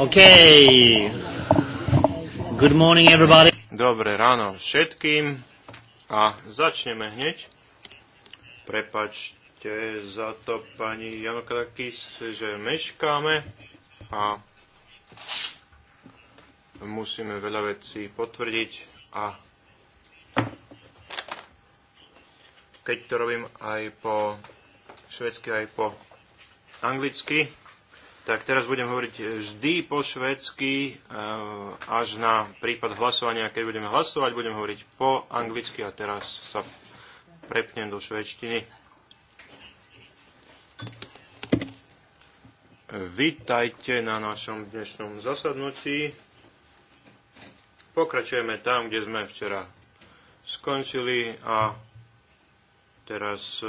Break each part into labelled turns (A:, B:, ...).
A: Okay. Good morning everybody.
B: Dobré ráno všetkým a začneme hneď. Prepačte za to pani Janokrakis, že meškáme a musíme veľa vecí potvrdiť a keď to robím aj po švedsky, aj po anglicky, tak teraz budem hovoriť vždy po švedsky, eh, až na prípad hlasovania, keď budeme hlasovať, budem hovoriť po anglicky a teraz sa prepnem do švedštiny. Vítajte na našom dnešnom zasadnutí. Pokračujeme tam, kde sme včera skončili a teraz eh,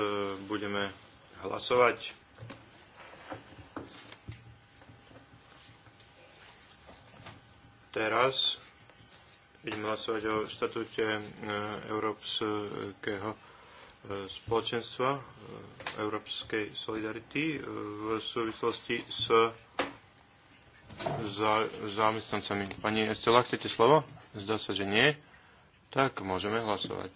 B: budeme hlasovať. teraz ideme hlasovať o štatúte e, Európskeho e, spoločenstva, e, Európskej solidarity v súvislosti s za, zamestnancami. Pani Estela, chcete slovo? Zdá sa, že nie. Tak môžeme hlasovať.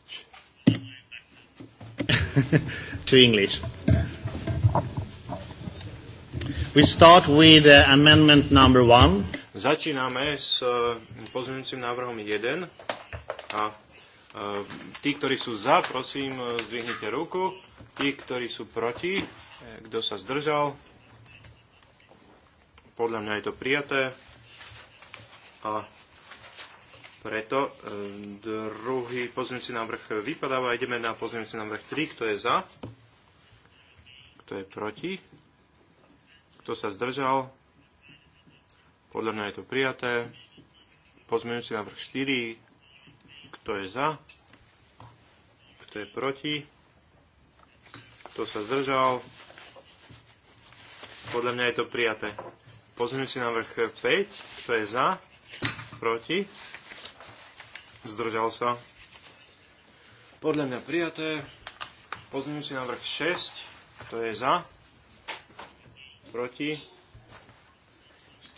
A: to English. We start with uh, amendment number one.
B: Začíname s e, pozmeňujúcim návrhom 1 a e, tí, ktorí sú za, prosím, e, zdvihnite ruku. Tí, ktorí sú proti, kto sa zdržal, podľa mňa je to prijaté. A preto druhý pozmeňujúci návrh vypadáva. Ideme na pozmeňujúci návrh 3, kto je za, kto je proti, kto sa zdržal, podľa mňa je to prijaté. Pozmeňujúci návrh 4. Kto je za? Kto je proti? Kto sa zdržal? Podľa mňa je to prijaté. Pozmeňujúci návrh 5. Kto je za? Proti? Zdržal sa? Podľa mňa prijaté. Pozmeňujúci návrh 6. Kto je za? Proti?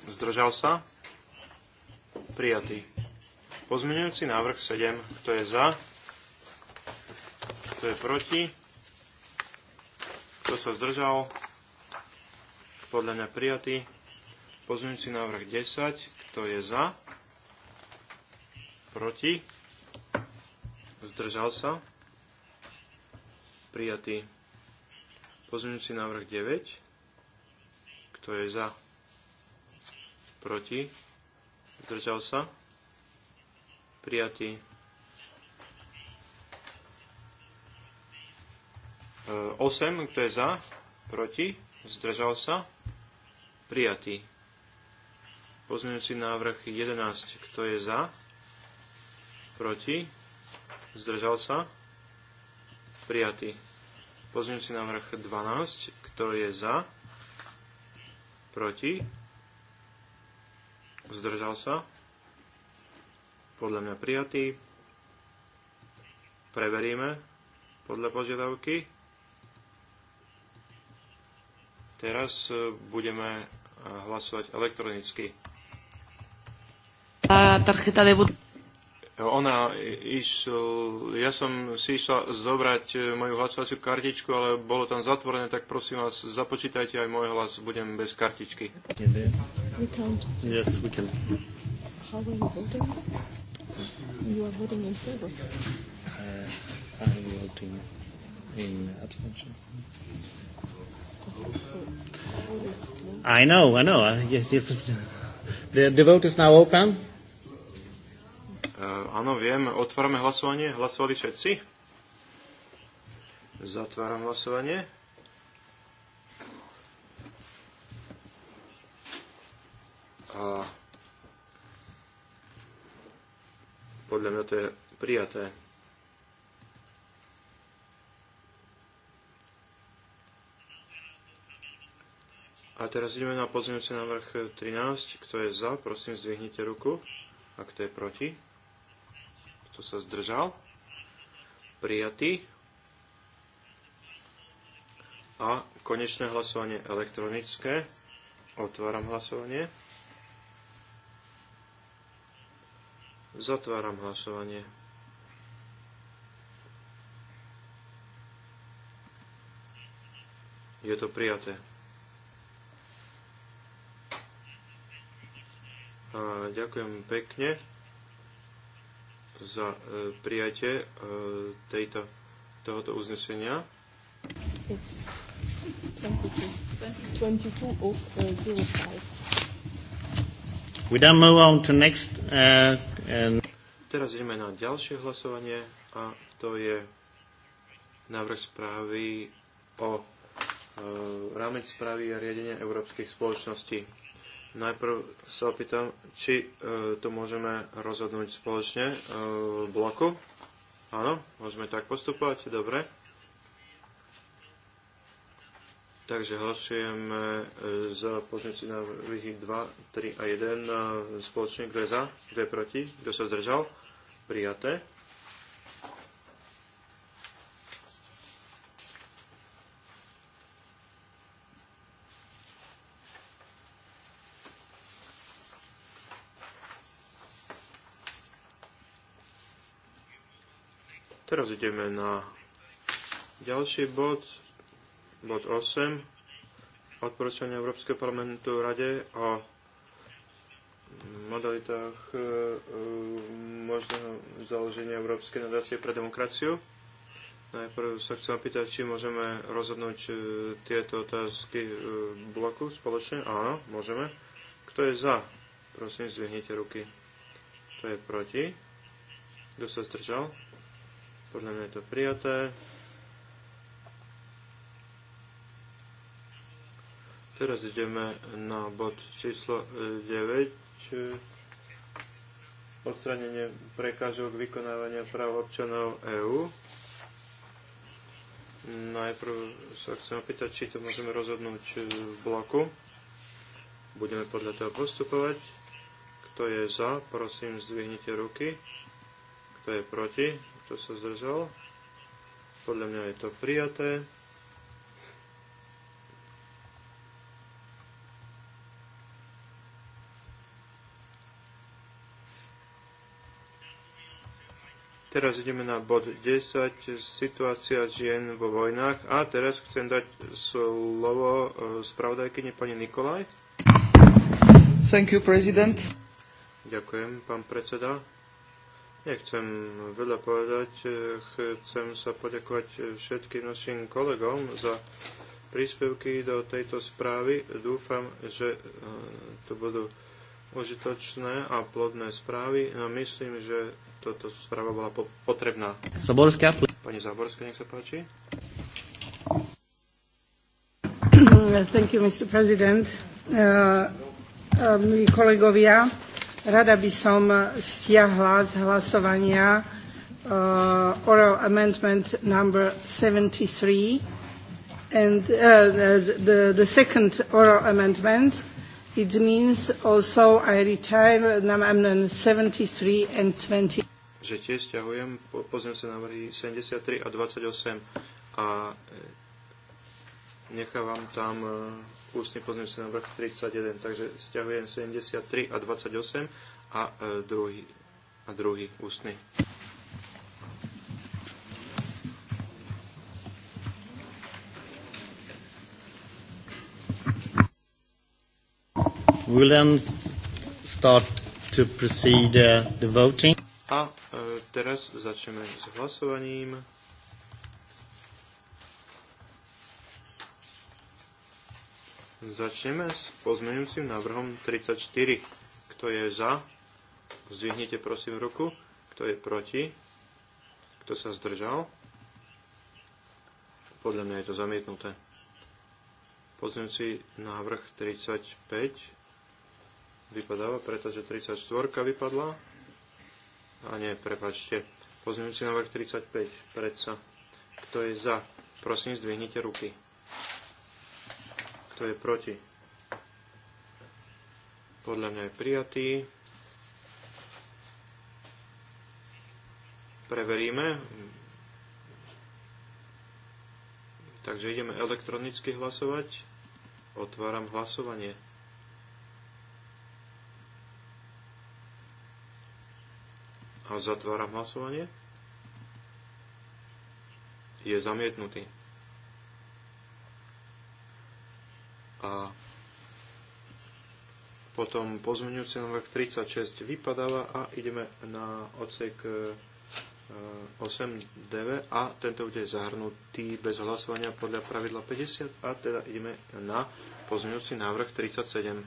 B: Zdržal sa? Prijatý. Pozmeňujúci návrh 7. Kto je za? Kto je proti? Kto sa zdržal? Podľa mňa prijatý. Pozmeňujúci návrh 10. Kto je za? Proti? Zdržal sa? Prijatý. Pozmeňujúci návrh 9. Kto je za? proti, zdržal sa, prijatý. 8, e, kto je za, proti, zdržal sa, prijatý. Pozmeňujúci návrh 11, kto je za, proti, zdržal sa, prijatý. Pozmeňujúci návrh 12, kto je za, proti, Zdržal sa? Podľa mňa prijatý. Preveríme podľa požiadavky. Teraz e, budeme e, hlasovať elektronicky. tarjeta de ona išl, ja som si išla zobrať e, moju hlasovaciu kartičku, ale bolo tam zatvorené, tak prosím vás, započítajte aj môj hlas, budem bez kartičky. Uh,
A: I know, I know, I know. Yes, the, the vote is now open.
B: Eh, áno, viem, otvárame hlasovanie. Hlasovali všetci? Zatváram hlasovanie. A podľa mňa to je prijaté. A teraz ideme na na návrh 13. Kto je za, prosím, zdvihnite ruku. A kto je proti? Kto sa zdržal? Prijatý. A konečné hlasovanie elektronické. Otváram hlasovanie. Zatváram hlasovanie. Je to prijaté. A ďakujem pekne za e, prijatie e, tejto, tohoto uznesenia. It's
C: 22. 22 of, uh,
A: We next, uh, and... Um,
B: Teraz ideme na ďalšie hlasovanie a to je návrh správy o uh, rámec správy a riadenia Európskej spoločnosti. Najprv sa opýtam, či e, to môžeme rozhodnúť spoločne e, v bloku. Áno, môžeme tak postupovať, dobre. Takže hlasujeme e, za pozornici na výhy 2, 3 a 1 e, spoločne, kto je za, kto je proti, kto sa zdržal. Prijaté. Teraz ideme na ďalší bod, bod 8, odporúčania Európskeho parlamentu Rade o modalitách e, e, možného založenia Európskej nadácie pre demokraciu. Najprv sa chcem pýtať, či môžeme rozhodnúť e, tieto otázky v bloku spoločne. Áno, môžeme. Kto je za? Prosím, zdvihnite ruky. Kto je proti? Kto sa zdržal? Podľa mňa je to prijaté. Teraz ideme na bod číslo 9. E, Odstranenie prekážok vykonávania práv občanov EÚ. Najprv sa chcem opýtať, či to môžeme rozhodnúť e, v bloku. Budeme podľa toho postupovať. Kto je za, prosím, zdvihnite ruky. Kto je proti, kto sa zdržal? Podľa mňa je to prijaté. Teraz ideme na bod 10, situácia žien vo vojnách. A teraz chcem dať slovo e, spravodajkyni pani Nikolaj.
D: Thank you, president.
B: Ďakujem, pán predseda. Nechcem veľa povedať, eh, chcem sa poďakovať všetkým našim kolegom za príspevky do tejto správy. Dúfam, že eh, to budú užitočné a plodné správy. No myslím, že toto správa bola potrebná. Zaborská. Pani Záborská, nech sa páči.
C: Thank you, Mr. President. Uh, uh, kolegovia, Rada by som stiahla z hlasovania uh, oral amendment number 73 and uh, the, the second oral amendment it means also I retire amendment 73 and 20
B: že tiež ťahujem pozmeňujúce návrhy 73 a 28 a e, nechávam tam e, sa na vrch 31, takže stiahujem 73 a 28 a e, druhý, a druhý ústny.
A: We'll then start to proceed uh, the voting.
B: A e, teraz začneme s hlasovaním. Začneme s pozmeňujúcim návrhom 34. Kto je za? Zdvihnite prosím ruku. Kto je proti? Kto sa zdržal? Podľa mňa je to zamietnuté. Pozmeňujúci návrh 35 vypadáva, pretože 34 vypadla. A nie, prepačte. Pozmeňujúci návrh 35, predsa. Kto je za? Prosím, zdvihnite ruky. Kto je proti? Podľa mňa je prijatý. Preveríme. Takže ideme elektronicky hlasovať. Otváram hlasovanie. A zatváram hlasovanie. Je zamietnutý. a potom pozmeňujúci návrh 36 vypadáva a ideme na odsek 8DV e, a tento bude zahrnutý bez hlasovania podľa pravidla 50 a teda ideme na pozmeňujúci návrh 37.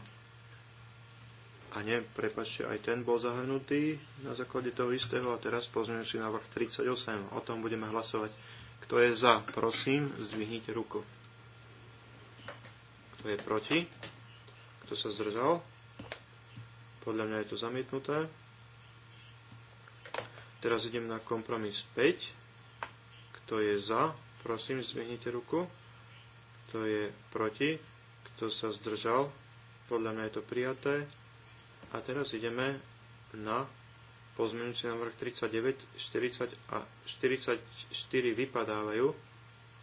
B: A nie, prepačte, aj ten bol zahrnutý na základe toho istého a teraz pozmeňujúci návrh 38. O tom budeme hlasovať. Kto je za, prosím, zdvihnite ruku. Kto je proti? Kto sa zdržal? Podľa mňa je to zamietnuté. Teraz idem na kompromis 5. Kto je za? Prosím, zvihnite ruku. Kto je proti? Kto sa zdržal? Podľa mňa je to prijaté. A teraz ideme na pozmenujúci návrh 39, 40 a 44 vypadávajú,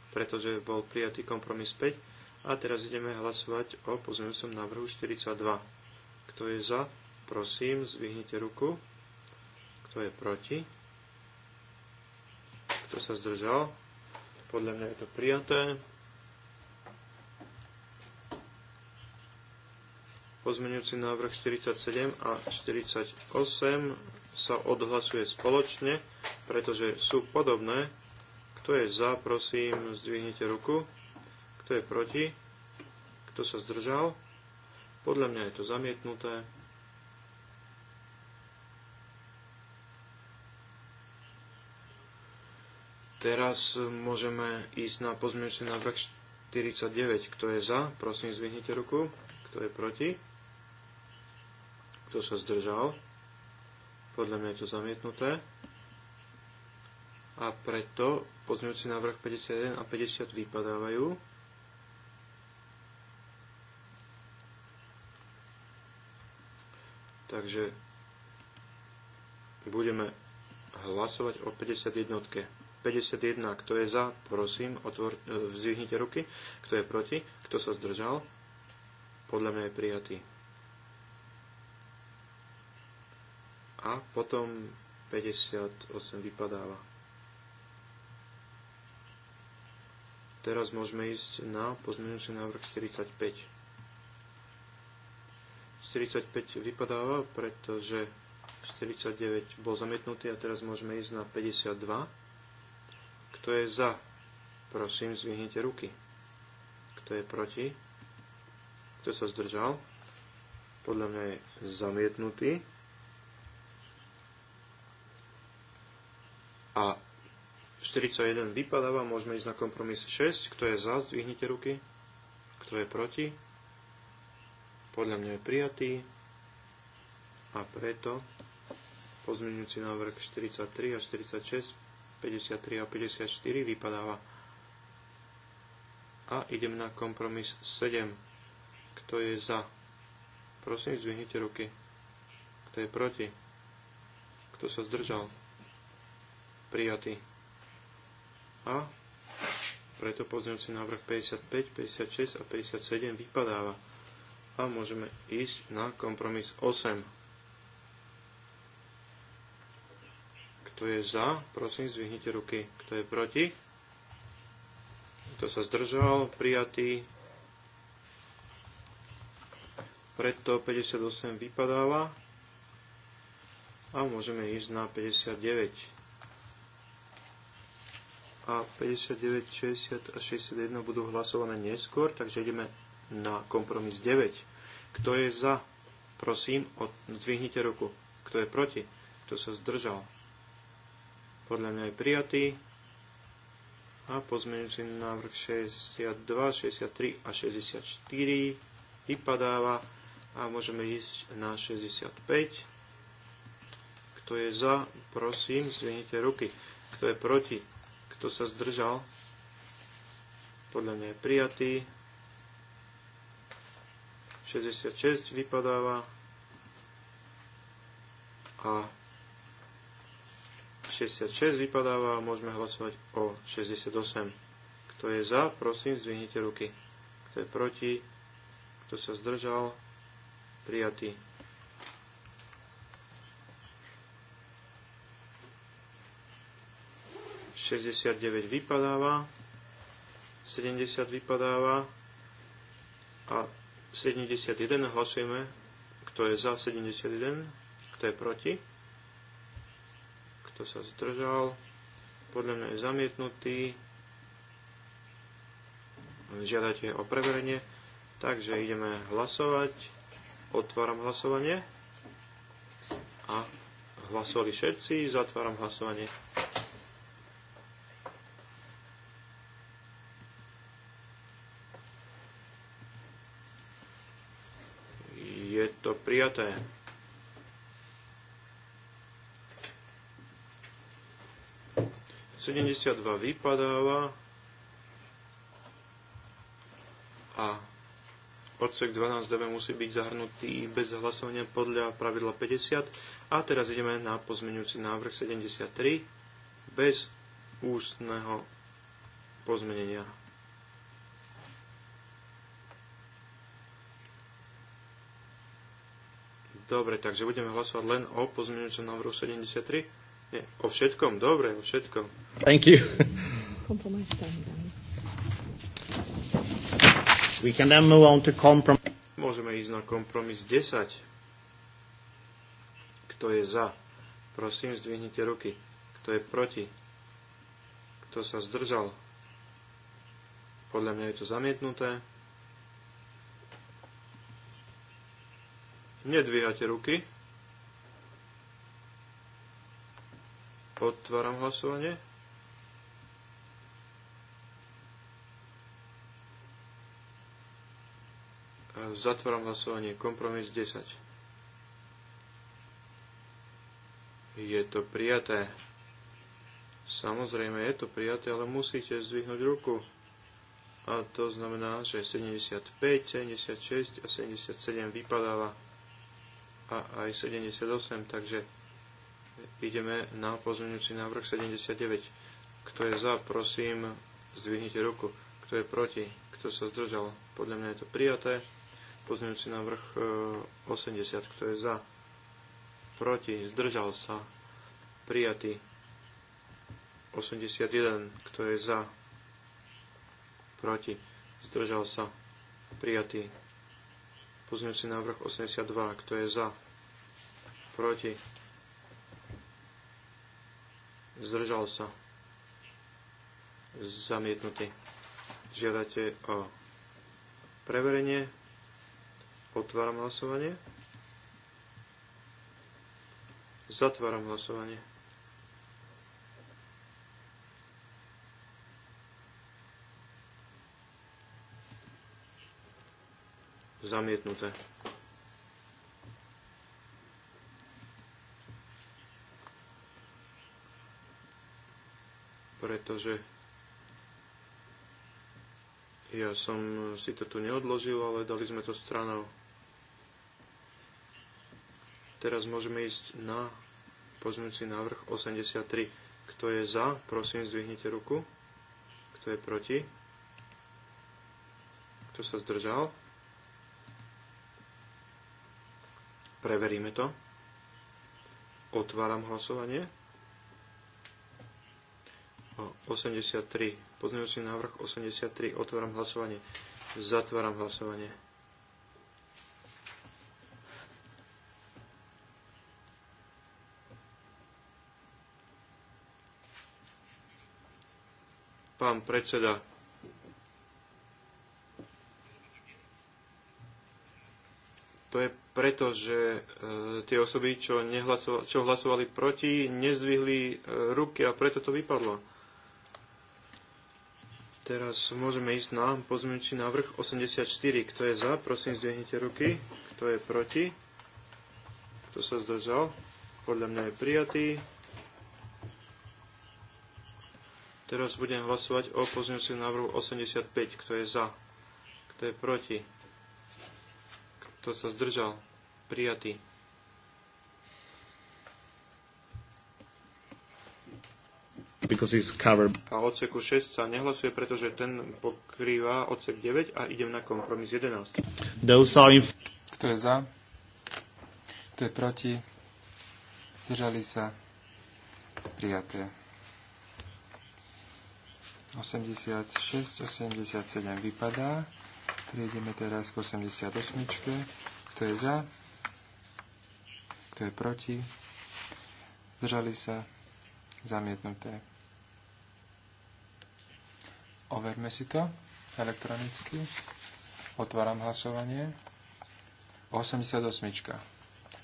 B: pretože bol prijatý kompromis 5. A teraz ideme hlasovať o pozmeňujúcom návrhu 42. Kto je za? Prosím, zvihnite ruku. Kto je proti? Kto sa zdržal? Podľa mňa je to prijaté. Pozmeňujúci návrh 47 a 48 sa odhlasuje spoločne, pretože sú podobné. Kto je za, prosím, zdvihnite ruku kto je proti, kto sa zdržal. Podľa mňa je to zamietnuté. Teraz môžeme ísť na pozmeňujúci návrh 49. Kto je za? Prosím, zvihnite ruku. Kto je proti? Kto sa zdržal? Podľa mňa je to zamietnuté. A preto pozmeňujúci návrh 51 a 50 vypadávajú. Takže budeme hlasovať o 51. 51. Kto je za, prosím, otvor, e, vzvihnite ruky. Kto je proti, kto sa zdržal, podľa mňa je prijatý. A potom 58 vypadáva. Teraz môžeme ísť na pozmenujúci návrh 45. 45 vypadáva, pretože 49 bol zamietnutý a teraz môžeme ísť na 52. Kto je za? Prosím, zvihnite ruky. Kto je proti? Kto sa zdržal? Podľa mňa je zamietnutý. A 41 vypadáva, môžeme ísť na kompromis 6. Kto je za, zdvihnite ruky. Kto je proti? podľa mňa je prijatý a preto pozmeňujúci návrh 43 a 46, 53 a 54 vypadáva. A idem na kompromis 7. Kto je za? Prosím, zdvihnite ruky. Kto je proti? Kto sa zdržal? Prijatý. A preto pozmeňujúci návrh 55, 56 a 57 vypadáva a môžeme ísť na kompromis 8. Kto je za, prosím, zvihnite ruky. Kto je proti? Kto sa zdržal? Prijatý. Preto 58 vypadáva. A môžeme ísť na 59 a 59, 60 a 61 budú hlasované neskôr, takže ideme na kompromis 9. Kto je za? Prosím, zdvihnite ruku. Kto je proti? Kto sa zdržal? Podľa mňa je prijatý. A pozmeňujúci návrh 62, 63 a 64 vypadáva a môžeme ísť na 65. Kto je za? Prosím, zdvihnite ruky. Kto je proti? Kto sa zdržal? Podľa mňa je prijatý. 66 vypadáva a 66 vypadáva a môžeme hlasovať o 68. Kto je za, prosím, zdvihnite ruky. Kto je proti, kto sa zdržal, prijatý. Šesťdesiatdeväť vypadáva, 70 vypadáva a 71 hlasujeme, kto je za 71, kto je proti, kto sa zdržal, podľa mňa je zamietnutý, žiadate o preverenie, takže ideme hlasovať, otváram hlasovanie a hlasovali všetci, zatváram hlasovanie. prijaté. Sedemdesiat dva vypadáva a odsek 12.9 musí byť zahrnutý bez hlasovania podľa pravidla 50. A teraz ideme na pozmeňujúci návrh 73 bez ústneho pozmenenia. Dobre, takže budeme hlasovať len o pozmeňujúcom návrhu 73? Nie, o všetkom? Dobre, o všetkom.
A: Thank you. We can then move on to comprom-
B: Môžeme ísť na kompromis 10. Kto je za? Prosím, zdvihnite ruky. Kto je proti? Kto sa zdržal? Podľa mňa je to zamietnuté. Nedvíhate ruky. Otváram hlasovanie. Zatváram hlasovanie. Kompromis 10. Je to prijaté. Samozrejme, je to prijaté, ale musíte zvyhnúť ruku. A to znamená, že 75, 76 a 77 vypadáva a aj 78, takže ideme na pozmeňujúci návrh 79. Kto je za, prosím, zdvihnite ruku. Kto je proti, kto sa zdržal. Podľa mňa je to prijaté. Pozmeňujúci návrh 80. E, kto je za, proti, zdržal sa. Prijatý. 81. Kto je za, proti, zdržal sa. Prijatý pozňujúci návrh 82. Kto je za? Proti? Zdržal sa? Zamietnutý. Žiadate o preverenie. Otváram hlasovanie. Zatváram hlasovanie. zamietnuté. Pretože ja som si to tu neodložil, ale dali sme to stranou. Teraz môžeme ísť na pozmeňujúci návrh 83. Kto je za, prosím, zdvihnite ruku. Kto je proti? Kto sa zdržal? Preveríme to. Otváram hlasovanie. 83. 83. Pozmeňujúci návrh 83. Otváram hlasovanie. Zatváram hlasovanie. Pán predseda, To je preto, že e, tie osoby, čo, nehlasovali, čo hlasovali proti, nezdvihli e, ruky a preto to vypadlo. Teraz môžeme ísť na pozmeňujúci návrh 84. Kto je za, prosím, zdvihnite ruky. Kto je proti? Kto sa zdržal? Podľa mňa je prijatý. Teraz budem hlasovať o pozmeňujúci návrhu 85. Kto je za? Kto je proti? Kto sa zdržal? Prijatý.
A: Because he's covered.
B: A odseku 6 sa nehlasuje, pretože ten pokrýva odsek 9 a idem na kompromis 11.
E: in... Kto je za? Kto je proti? Zdržali sa? Prijaté. 86, 87 vypadá. Prejdeme teraz k 88. Kto je za? Kto je proti? Zdržali sa? Zamietnuté. Overme si to elektronicky. Otváram hlasovanie. 88.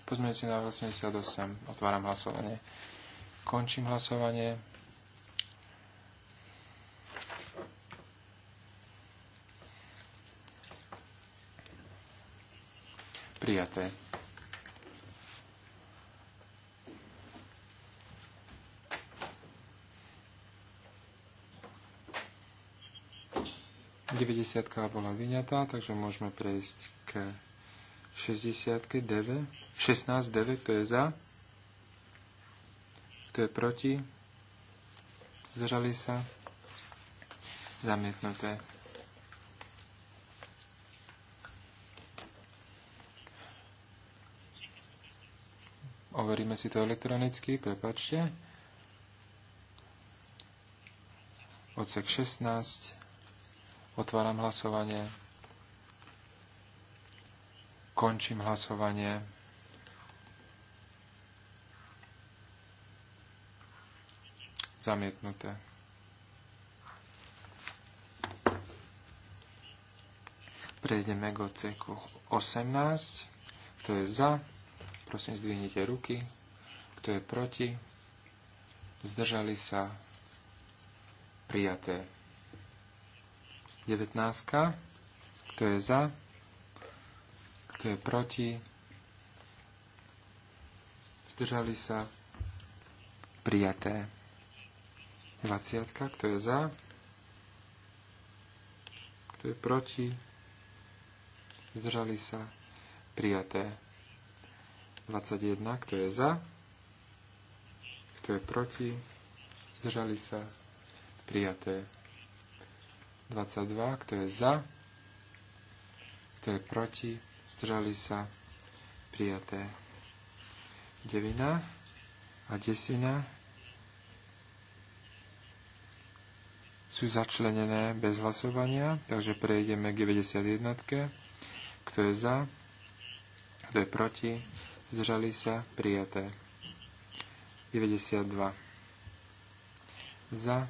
E: Pozmeňujúci na 88. Otváram hlasovanie. Končím hlasovanie. Prijaté. Devedesiatka bola vyňatá, takže môžeme prejsť k 60 DV. 16 deve, to je za. Kto je proti? Zdržali sa? Zamietnuté. Overíme si to elektronicky, prepačte. Odsek 16. Otváram hlasovanie. Končím hlasovanie. Zamietnuté. Prejdeme k odseku 18. Kto je za? prosím zdvihnite ruky. Kto je proti? Zdržali sa? Prijaté. 19. Kto je za? Kto je proti? Zdržali sa? Prijaté. 20. Kto je za? Kto je proti? Zdržali sa? Prijaté. 21, kto je za, kto je proti, zdržali sa, prijaté. 22, kto je za, kto je proti, zdržali sa, prijaté. 9 a 10 sú začlenené bez hlasovania, takže prejdeme k 91. Kto je za, kto je proti, zdržali sa, prijaté. 92. Za,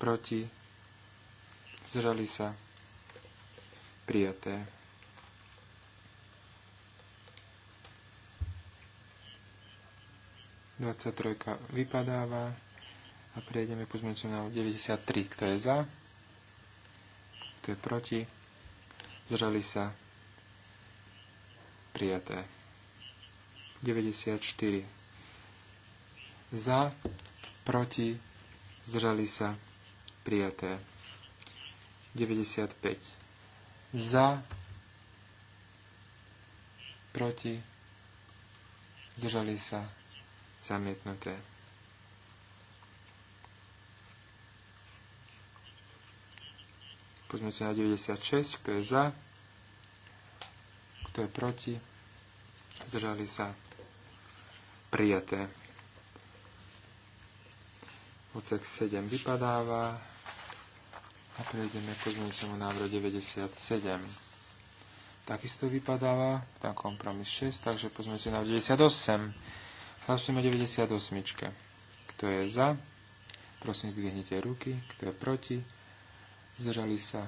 E: proti, zdržali sa, prijaté. trojka vypadáva a prejdeme po zmenu 93. Kto je za? Kto je proti? Zdržali sa? Prijaté. 94. Za, proti, zdržali sa, prijaté. 95. Za, proti, zdržali sa, zamietnuté. Poďme sa na 96, kto je za, kto je proti, zdržali sa, prijaté. Odsek 7 vypadáva a prejdeme k pozmeňujúcemu návrhu 97. Takisto vypadáva tam kompromis 6, takže pozmeňujúci na 98. Hlasujeme 98. Kto je za? Prosím, zdvihnite ruky. Kto je proti? Zdržali sa?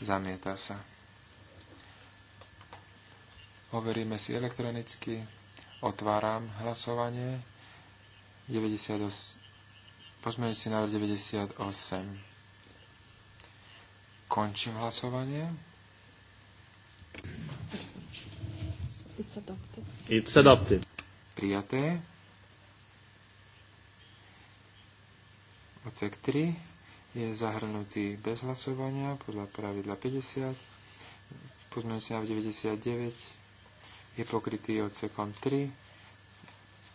E: Zamieta sa. Overíme si elektronicky. Otváram hlasovanie. 98. pozmeň si návrh 98. Končím hlasovanie. It's adopted. It's adopted. Prijaté. Ocek 3 je zahrnutý bez hlasovania podľa pravidla 50. si návrh 99 je pokrytý odsekom 3,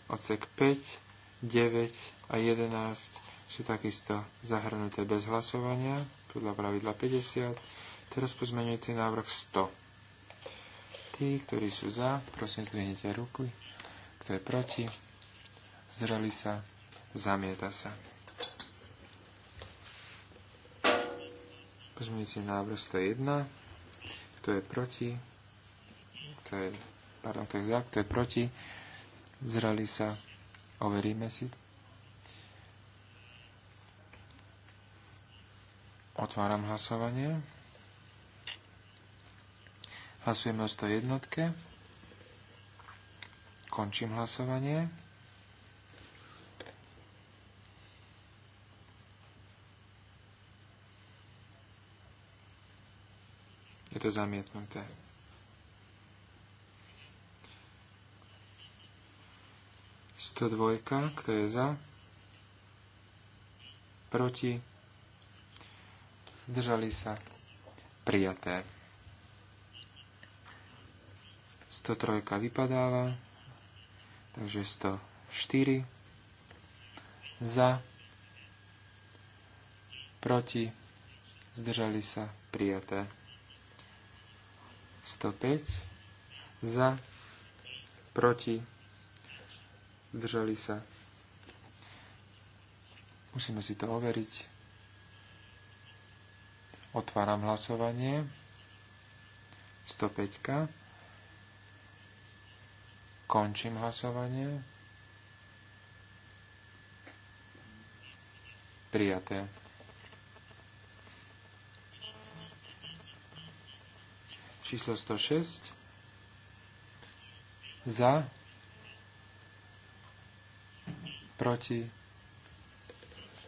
E: odsek 5, 9 a 11 sú takisto zahrnuté bez hlasovania podľa pravidla 50. Teraz pozmeňujúci návrh 100. Tí, ktorí sú za, prosím zdvihnite ruku. Kto je proti? Zreli sa. Zamieta sa. Pozmeňujúci návrh 101. Kto je proti? Kto je pardon, kto je za, kto je proti, zrali sa, overíme si. Otváram hlasovanie. Hlasujeme o 101. Končím hlasovanie. Je to zamietnuté. 102, kto je za, proti, zdržali sa, prijaté. 103 vypadáva, takže 104 za, proti, zdržali sa, prijaté. 105 za, proti, Držali sa. Musíme si to overiť. Otváram hlasovanie. 105. Končím hlasovanie. Prijaté. Číslo 106. Za proti,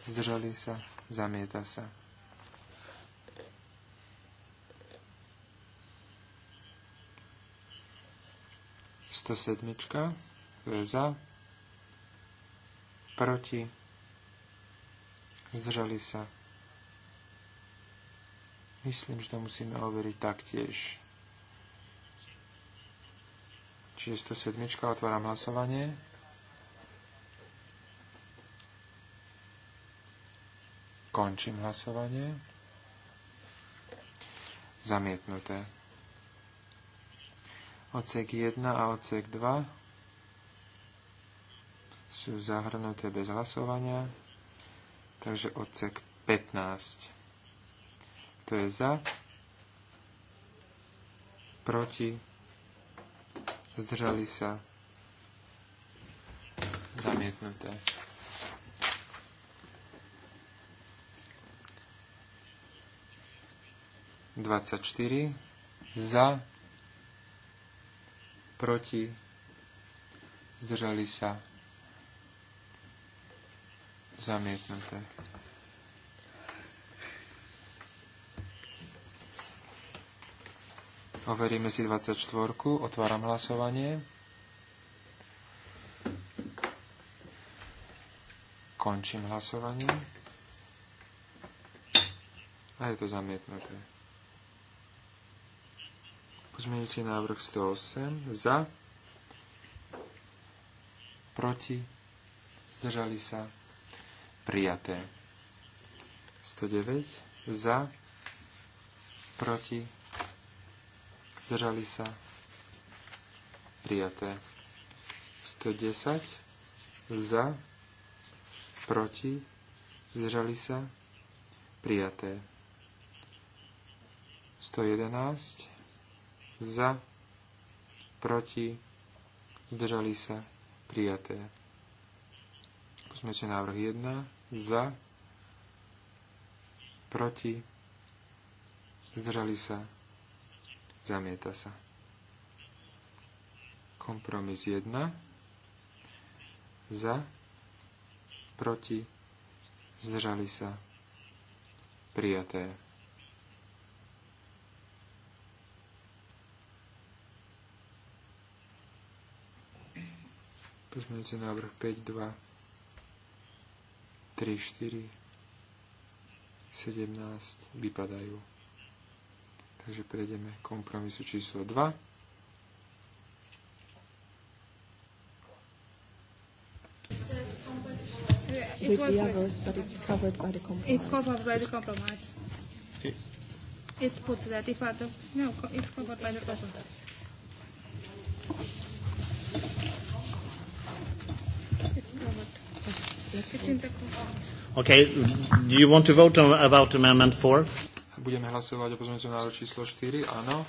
E: zdržali sa, zamieta sa. Sto sedmička, to za, proti, zdržali sa. Myslím, že to musíme overiť taktiež. Čiže 107. otváram hlasovanie. Končím hlasovanie. Zamietnuté. Ocek 1 a ocek 2 sú zahrnuté bez hlasovania, takže ocek 15. Kto je za? Proti? Zdržali sa? Zamietnuté. 24 za, proti, zdržali sa, zamietnuté. Overíme si 24. Otváram hlasovanie. Končím hlasovanie. A je to zamietnuté. Pozmeňujúci návrh 108 za, proti, zdržali sa, prijaté. 109 za, proti, zdržali sa, prijaté. 110 za, proti, zdržali sa, prijaté. 111 za, proti, zdržali sa, prijaté. Pozmete návrh 1, za, proti, zdržali sa, zamieta sa. Kompromis 1, za, proti, zdržali sa, prijaté. Pozmeňujúci návrh 5, 2, 3, 4, 17 vypadajú. Takže prejdeme k kompromisu číslo 2.
C: It was others, but it's covered by the compromise. It's covered by the compromise. It's put that if I don't, no, it's covered by the compromise.
A: Okay. Do you want to vote on, about amendment 4?
E: Budeme hlasovať o pozmeňujúcom návrhu číslo 4, áno.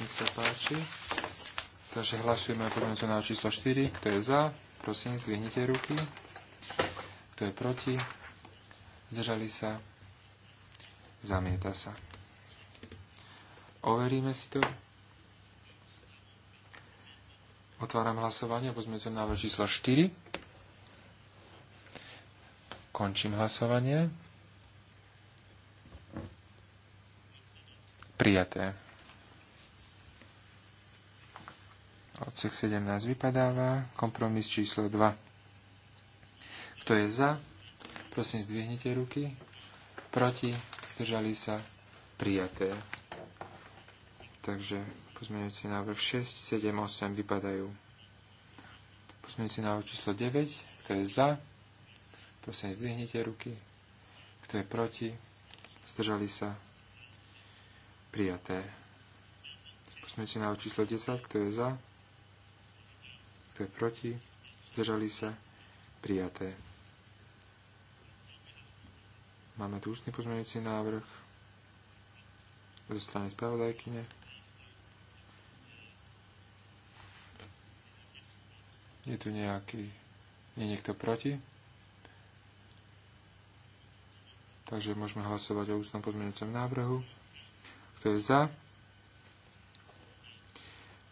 E: Nech sa páči. Takže hlasujeme o pozmeňujúcom návrhu číslo 4. Kto je za? Prosím, zdvihnite ruky. Kto je proti? Zdržali sa? Zamieta sa. Overíme si to. Otváram hlasovanie o pozmeňujúcom návrhu číslo 4. Končím hlasovanie. Prijaté. Odsek 17 vypadáva. Kompromis číslo 2. Kto je za? Prosím, zdvihnite ruky. Proti? Zdržali sa? Prijaté. Takže pozmeňujúci návrh 6, 7, 8 vypadajú. Pozmeňujúci návrh číslo 9. Kto je za? Prosím, zdvihnite ruky. Kto je proti? Zdržali sa? Prijaté. Pozmeňte na číslo 10. Kto je za? Kto je proti? Zdržali sa? Prijaté. Máme tu ústny pozmeňujúci návrh zo strany spravodajkyne. Je tu nejaký... Je niekto proti? Takže môžeme hlasovať o ústnom pozmeňujúcom návrhu. Kto je za?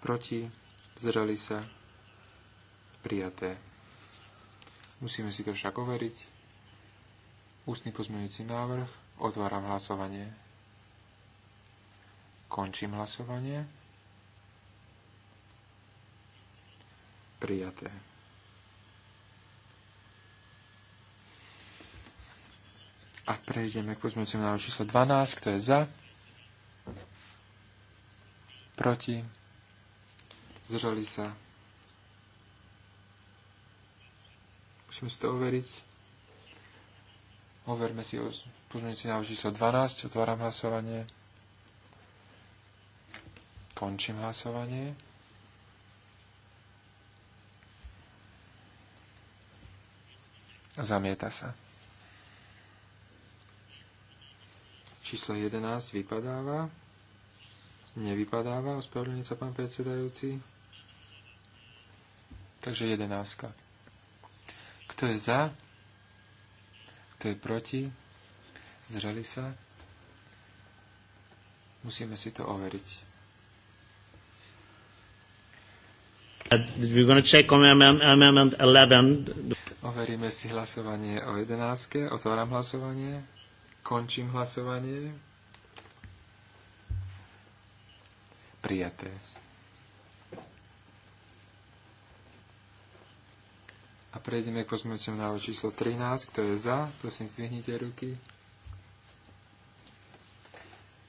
E: Proti? Zdržali sa? Prijaté. Musíme si to však overiť. Ústny pozmeňujúci návrh. Otváram hlasovanie. Končím hlasovanie. Prijaté. A prejdeme k pozmeňujúcemu návrhu číslo 12, kto je za, proti, zdržali sa. Musíme si to overiť. Overme si pozmeňujúci návrh číslo 12, otváram hlasovanie. Končím hlasovanie. Zamieta sa. Číslo 11 vypadáva. Nevypadáva, ospravedlňujem sa pán predsedajúci. Takže 11. Kto je za? Kto je proti? Zreli sa? Musíme si to overiť. Overíme si hlasovanie o 11. Otváram hlasovanie. Končím hlasovanie. Prijaté. A prejdeme k pozmeňujúcemu návrhu číslo 13. Kto je za? Prosím, zdvihnite ruky.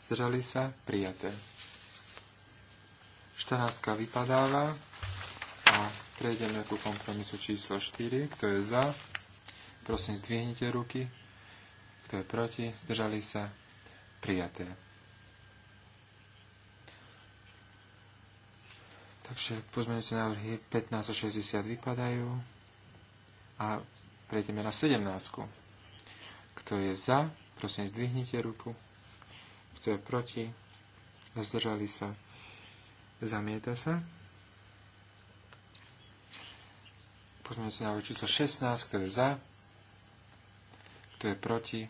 E: Zdržali sa? Prijaté. 14 vypadáva a prejdeme ku kompromisu číslo 4. Kto je za? Prosím, zdvihnite ruky. Kto je proti? Zdržali sa? Prijaté. Takže pozmeňujúce návrhy 15 a 60 vypadajú a prejdeme na 17. Kto je za, prosím, zdvihnite ruku. Kto je proti, zdržali sa, zamieta sa. Pozmeňujúce návrhy číslo 16, kto je za, kto je proti,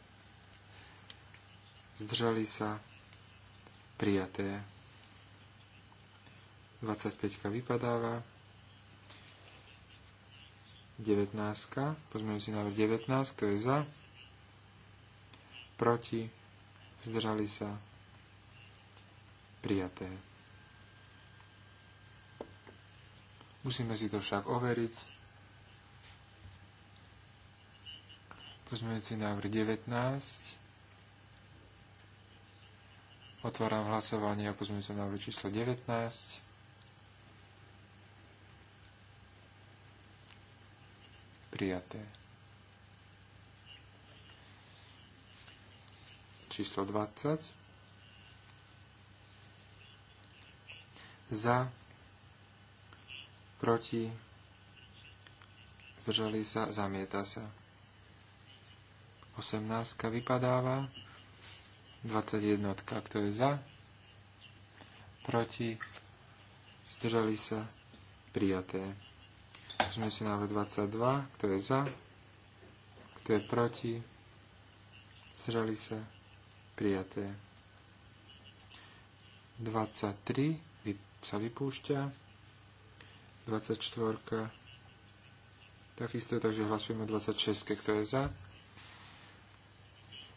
E: zdržali sa, prijaté. 25 vypadáva. 19. si návrh 19, to je za? Proti? Zdržali sa? Prijaté. Musíme si to však overiť. si návrh 19. Otváram hlasovanie o pozmeňujúcom návrhu číslo 19. Prijaté. Číslo 20. Za. Proti. Zdržali sa. Zamieta sa. 18. Vypadáva. 21. Kto je za? Proti? Zdržali sa? Prijaté. Pozrieme si návrh 22. Kto je za? Kto je proti? Zdržali sa? Prijaté. 23 sa vypúšťa. 24. Takisto, takže hlasujeme 26. Kto je za?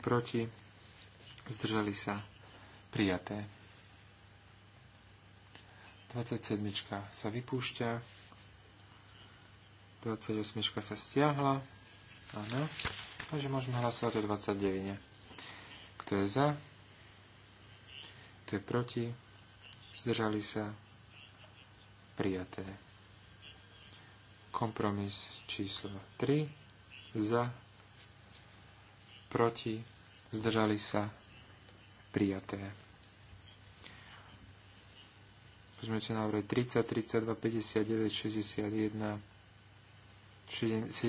E: Proti? Zdržali sa. Prijaté. 27 sa vypúšťa. 28 sa stiahla. Áno. Takže môžeme hlasovať o 29. Kto je za? Kto je proti? Zdržali sa? Prijaté. Kompromis číslo 3. Za? Proti? Zdržali sa? prijaté. Pozmeňujúce návrh 30, 32, 59, 61, 74,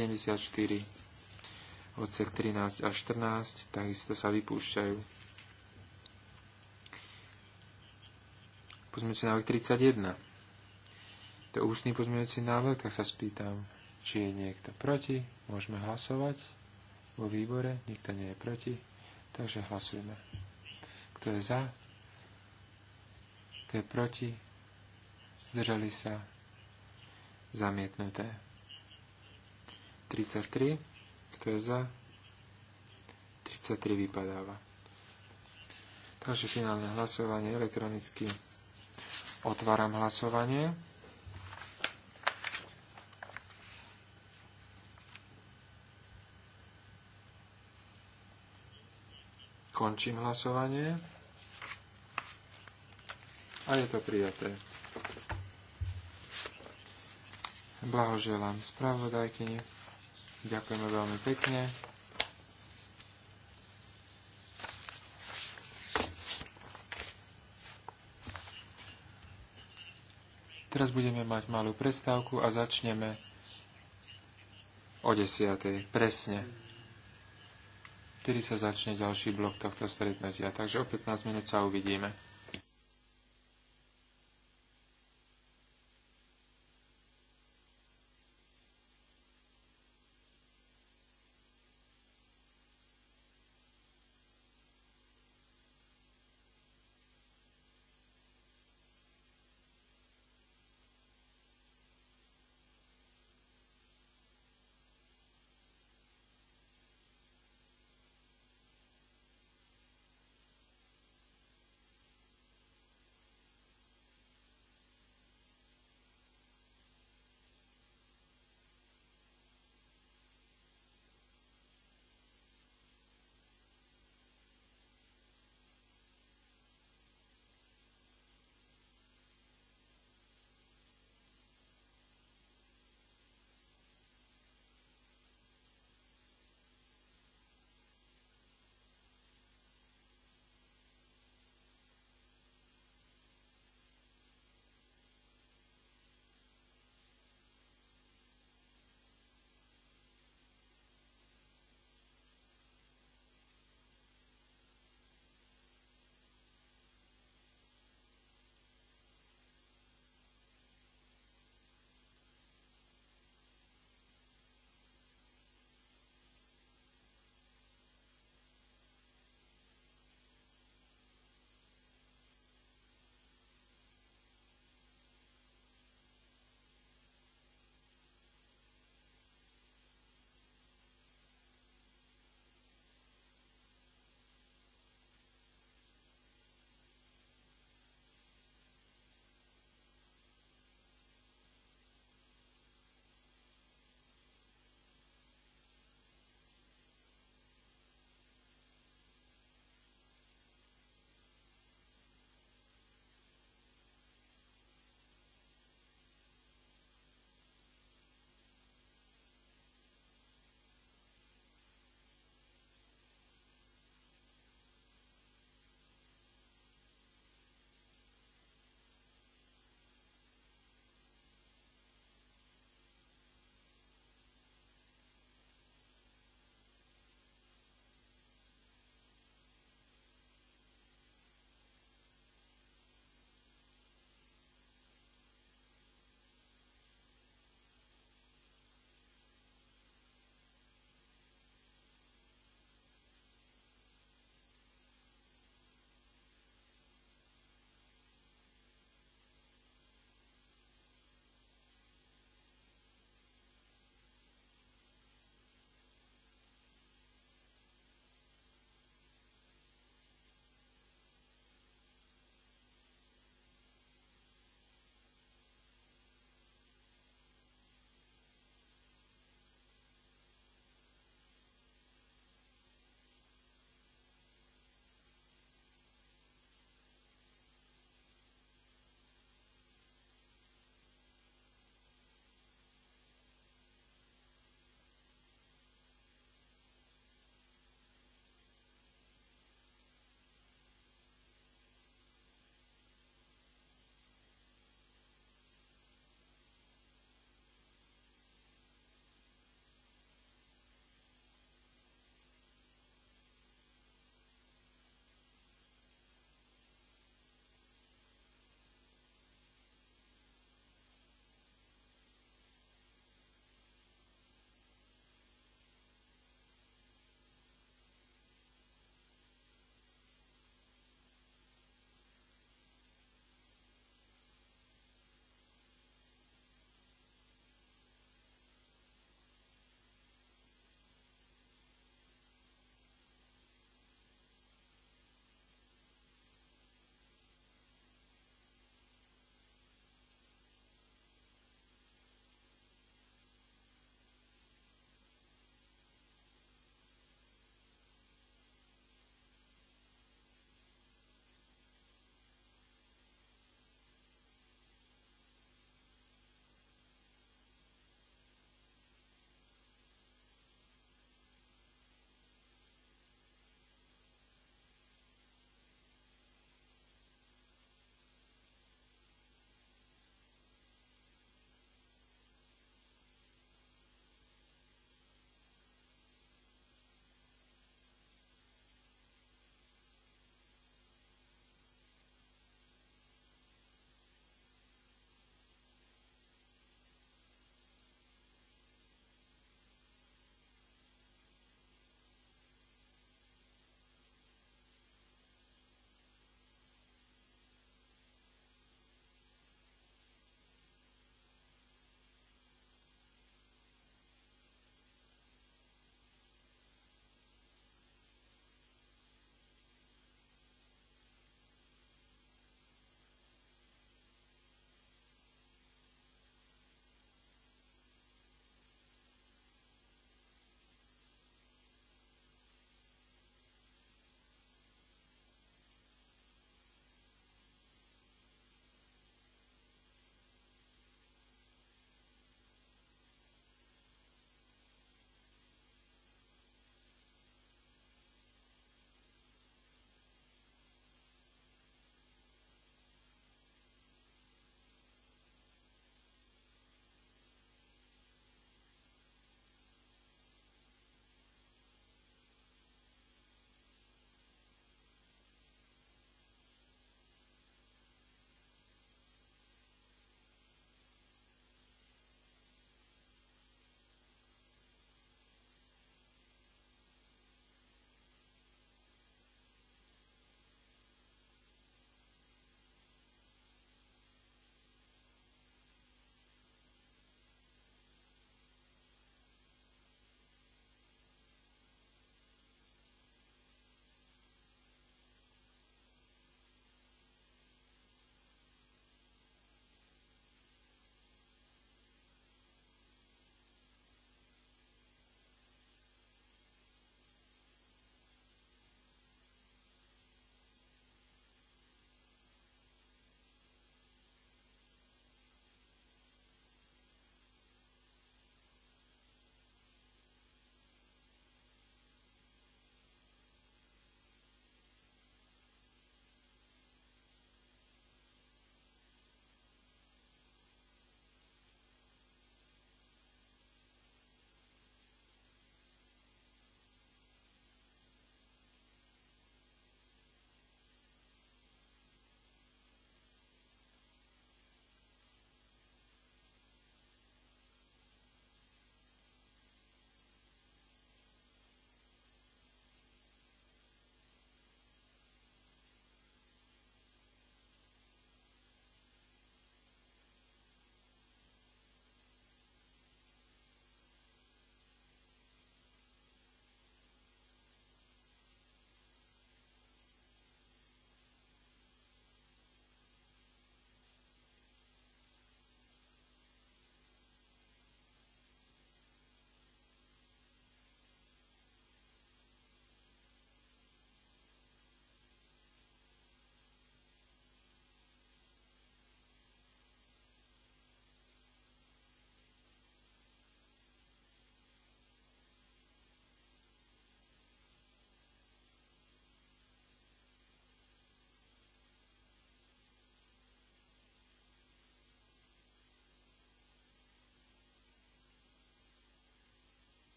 E: odsek 13 a 14, takisto sa vypúšťajú. Pozmeňujúci návrh 31. To je ústny pozmeňujúci návrh, tak sa spýtam, či je niekto proti. Môžeme hlasovať vo výbore, nikto nie je proti, takže hlasujeme. Kto je za? Kto je proti? Zdržali sa? Zamietnuté. 33. Kto je za? 33 vypadáva. Takže finálne hlasovanie elektronicky. Otváram hlasovanie. Končím hlasovanie. A je to prijaté. Blahoželám spravodajkyni. Ďakujeme veľmi pekne. Teraz budeme mať malú prestávku a začneme o desiatej. Presne vtedy sa začne ďalší blok tohto stretnutia. Takže o 15 minút sa uvidíme.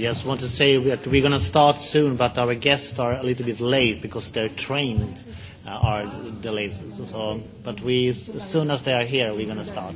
A: just want to say that we're going to start soon, but our guests are a little bit late because their train uh, are delayed. So, so, but we, as soon as they are here, we're going to start.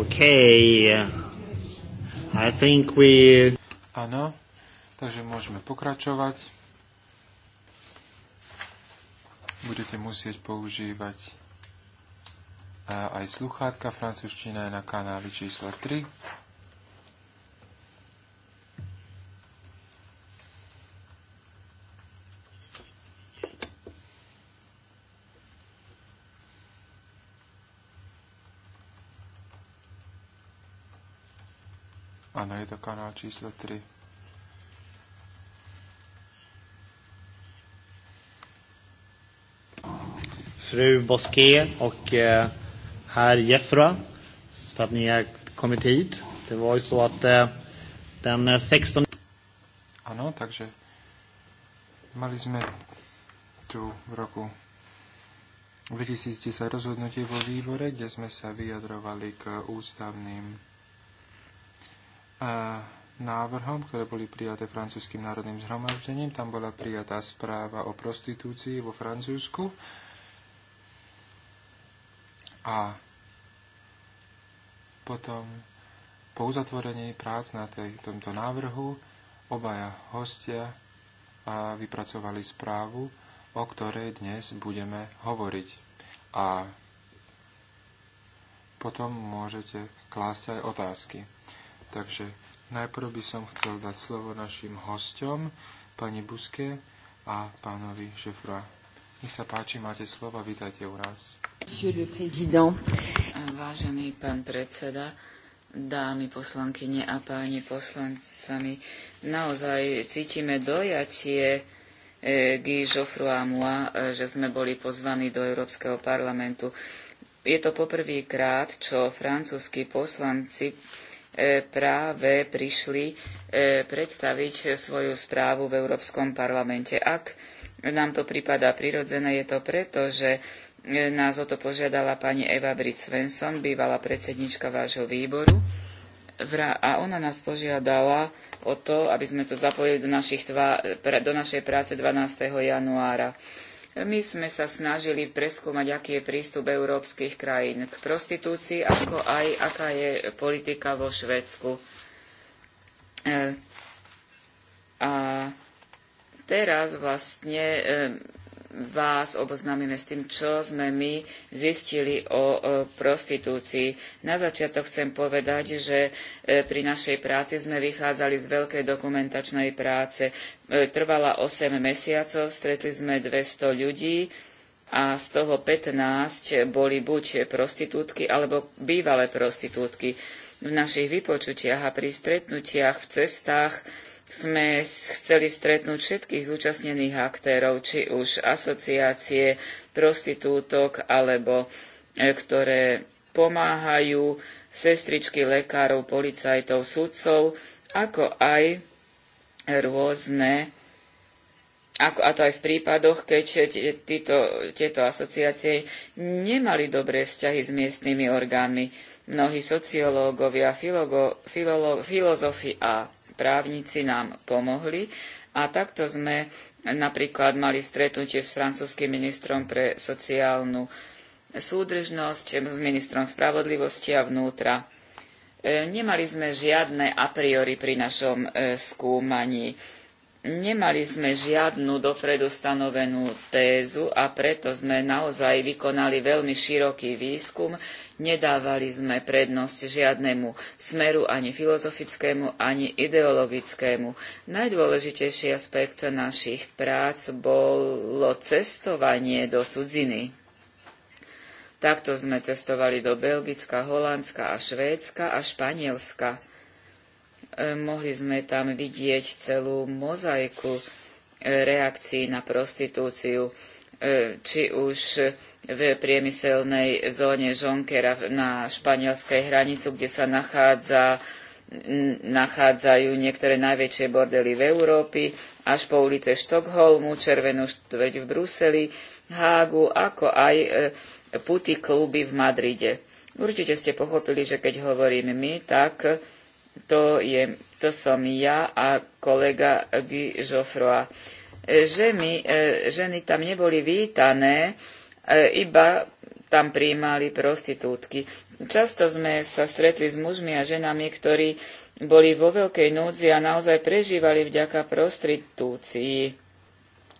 A: Okay.
E: I think we... Áno, takže môžeme pokračovať. Budete musieť používať eh, aj sluchátka. Francúzština je na kanáli číslo 3. Áno, je to kanál číslo 3.
A: Fru Boské och eh, herr Jeffra för att ni har kommit hit. Det var ju så att eh, den 16... Eh,
E: Áno, takže mali sme tu v roku 2010 rozhodnutie vo výbore, kde sme sa vyjadrovali k ústavným návrhom, ktoré boli prijaté francúzským národným zhromaždením. Tam bola prijatá správa o prostitúcii vo Francúzsku. A potom po uzatvorení prác na tej, tomto návrhu obaja hostia a vypracovali správu, o ktorej dnes budeme hovoriť. A potom môžete klásť aj otázky. Takže najprv by som chcel dať slovo našim hostom, pani Buske a pánovi Žefra. Nech sa páči, máte slova. vítajte u nás.
D: Vážený pán predseda, dámy poslankyne a páni poslancami, naozaj cítime dojatie eh, Guy Geoffroy a moi, eh, že sme boli pozvaní do Európskeho parlamentu. Je to poprvýkrát, čo francúzski poslanci E, práve prišli e, predstaviť svoju správu v Európskom parlamente. Ak nám to prípada prirodzené, je to preto, že e, nás o to požiadala pani Eva Brit Svensson, bývalá predsednička vášho výboru. A ona nás požiadala o to, aby sme to zapojili do, našich, do našej práce 12. januára. My sme sa snažili preskúmať, aký je prístup európskych krajín k prostitúcii, ako aj aká je politika vo Švedsku. E, a teraz vlastne e, vás oboznámime s tým, čo sme my zistili o prostitúcii. Na začiatok chcem povedať, že e, pri našej práci sme vychádzali z veľkej dokumentačnej práce. E, trvala 8 mesiacov, stretli sme 200 ľudí a z toho 15 boli buď prostitútky alebo bývalé prostitútky. V našich vypočutiach a pri stretnutiach v cestách sme chceli stretnúť všetkých zúčastnených aktérov, či už asociácie prostitútok, alebo e, ktoré pomáhajú, sestričky, lekárov, policajtov, sudcov, ako aj rôzne, ako, a to aj v prípadoch, keď títo, tieto asociácie nemali dobré vzťahy s miestnymi orgánmi. Mnohí sociológovia, filozofi a právnici nám pomohli a takto sme napríklad mali stretnutie s francúzským ministrom pre sociálnu súdržnosť, s ministrom spravodlivosti a vnútra. E, nemali sme žiadne a priori pri našom e, skúmaní Nemali sme žiadnu dopredu stanovenú tézu a preto sme naozaj vykonali veľmi široký výskum. Nedávali sme prednosť žiadnemu smeru ani filozofickému, ani ideologickému. Najdôležitejší aspekt našich prác bolo cestovanie do cudziny. Takto sme cestovali do Belgicka, Holandska a Švédska a Španielska E, mohli sme tam vidieť celú mozaiku e, reakcií na prostitúciu, e, či už v priemyselnej zóne Žonkera na španielskej hranicu, kde sa nachádza, nachádzajú niektoré najväčšie bordely v Európy, až po ulice Štokholmu, Červenú štvrť v Bruseli, Hágu, ako aj puty kluby v Madride. Určite ste pochopili, že keď hovorím my, tak to, je, to som ja a kolega Guy Geoffroy. Ženy, e, ženy tam neboli vítané, e, iba tam prijímali prostitútky. Často sme sa stretli s mužmi a ženami, ktorí boli vo veľkej núdzi a naozaj prežívali vďaka prostitúcii.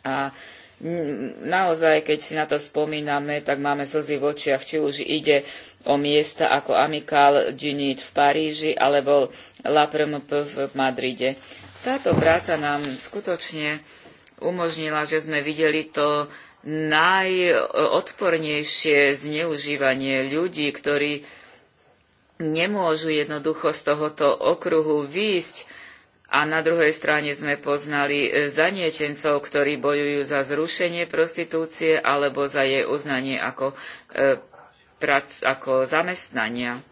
D: A naozaj, keď si na to spomíname, tak máme slzy v očiach, či už ide o miesta ako Amical Dunit v Paríži alebo La Prmp v Madride. Táto práca nám skutočne umožnila, že sme videli to najodpornejšie zneužívanie ľudí, ktorí nemôžu jednoducho z tohoto okruhu výjsť, a na druhej strane sme poznali zanietencov, ktorí bojujú za zrušenie prostitúcie alebo za jej uznanie ako e, prac, ako zamestnania.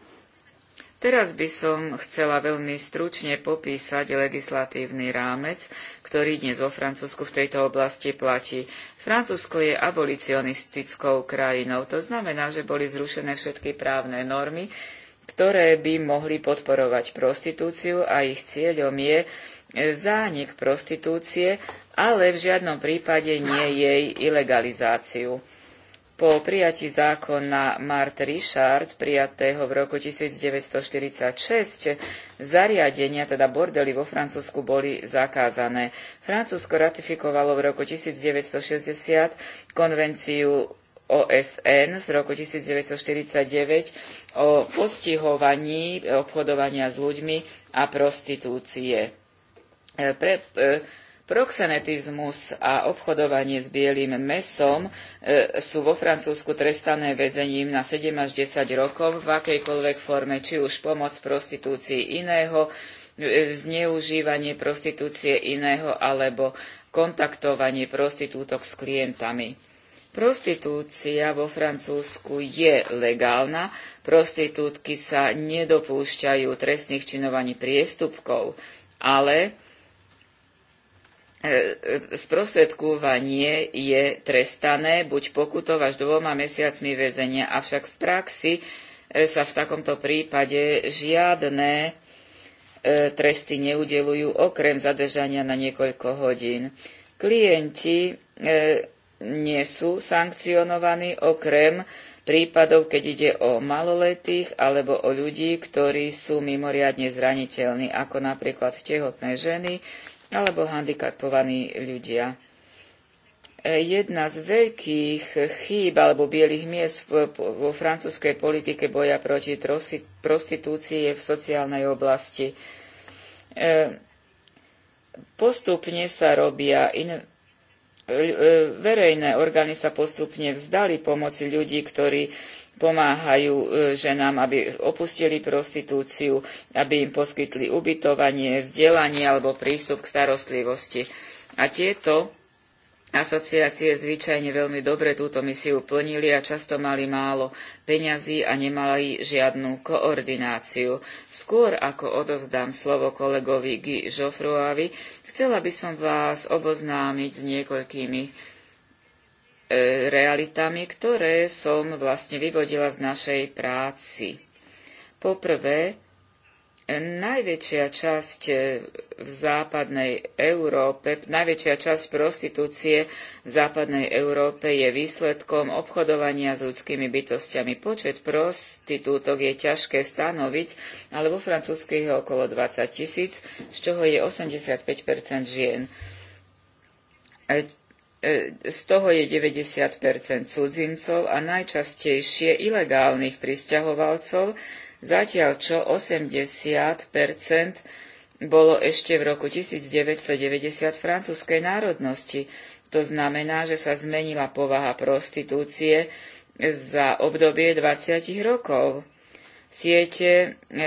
D: Teraz by som chcela veľmi stručne popísať legislatívny rámec, ktorý dnes vo Francúzsku v tejto oblasti platí. Francúzsko je abolicionistickou krajinou, to znamená, že boli zrušené všetky právne normy, ktoré by mohli podporovať prostitúciu a ich cieľom je e, zánik prostitúcie, ale v žiadnom prípade nie jej ilegalizáciu. Po prijatí zákona Mart Richard, prijatého v roku 1946, zariadenia, teda bordely vo Francúzsku, boli zakázané. Francúzsko ratifikovalo v roku 1960 konvenciu OSN z roku 1949 o postihovaní obchodovania s ľuďmi a prostitúcie. E, pre, e, Proxenetizmus a obchodovanie s bielým mesom e, sú vo Francúzsku trestané väzením na 7 až 10 rokov v akejkoľvek forme, či už pomoc prostitúcii iného, e, zneužívanie prostitúcie iného alebo kontaktovanie prostitútok s klientami. Prostitúcia vo Francúzsku je legálna, prostitútky sa nedopúšťajú trestných činov ani priestupkov, ale E, e, sprostredkúvanie je trestané buď pokutou až dvoma mesiacmi väzenia, avšak v praxi e, sa v takomto prípade žiadne tresty neudeľujú okrem zadržania na niekoľko hodín. Klienti nie sú sankcionovaní okrem prípadov, keď ide o maloletých alebo o ľudí, ktorí sú mimoriadne zraniteľní, ako napríklad tehotné ženy, alebo handikapovaní ľudia. E, jedna z veľkých chýb alebo bielých miest vo francúzskej politike boja proti prostitúcii je v sociálnej oblasti. E, postupne sa robia in... E, verejné orgány sa postupne vzdali pomoci ľudí, ktorí pomáhajú e, ženám, aby opustili prostitúciu, aby im poskytli ubytovanie, vzdelanie alebo prístup k starostlivosti. A tieto asociácie zvyčajne veľmi dobre túto misiu plnili a často mali málo peňazí a nemali žiadnu koordináciu. Skôr ako odovzdám slovo kolegovi Guy Joffroyovi, chcela by som vás oboznámiť s niekoľkými E, realitami, ktoré som vlastne vyvodila z našej práci. Poprvé, najväčšia časť e, v západnej Európe, najväčšia časť prostitúcie v západnej Európe je výsledkom obchodovania s ľudskými bytostiami. Počet prostitútok je ťažké stanoviť, ale vo Francúzsku je okolo 20 tisíc, z čoho je 85 žien. E, E, z toho je 90 cudzincov a najčastejšie ilegálnych prisťahovalcov, zatiaľ čo 80 bolo ešte v roku 1990 francúzskej národnosti. To znamená, že sa zmenila povaha prostitúcie za obdobie 20 rokov. Siete, e,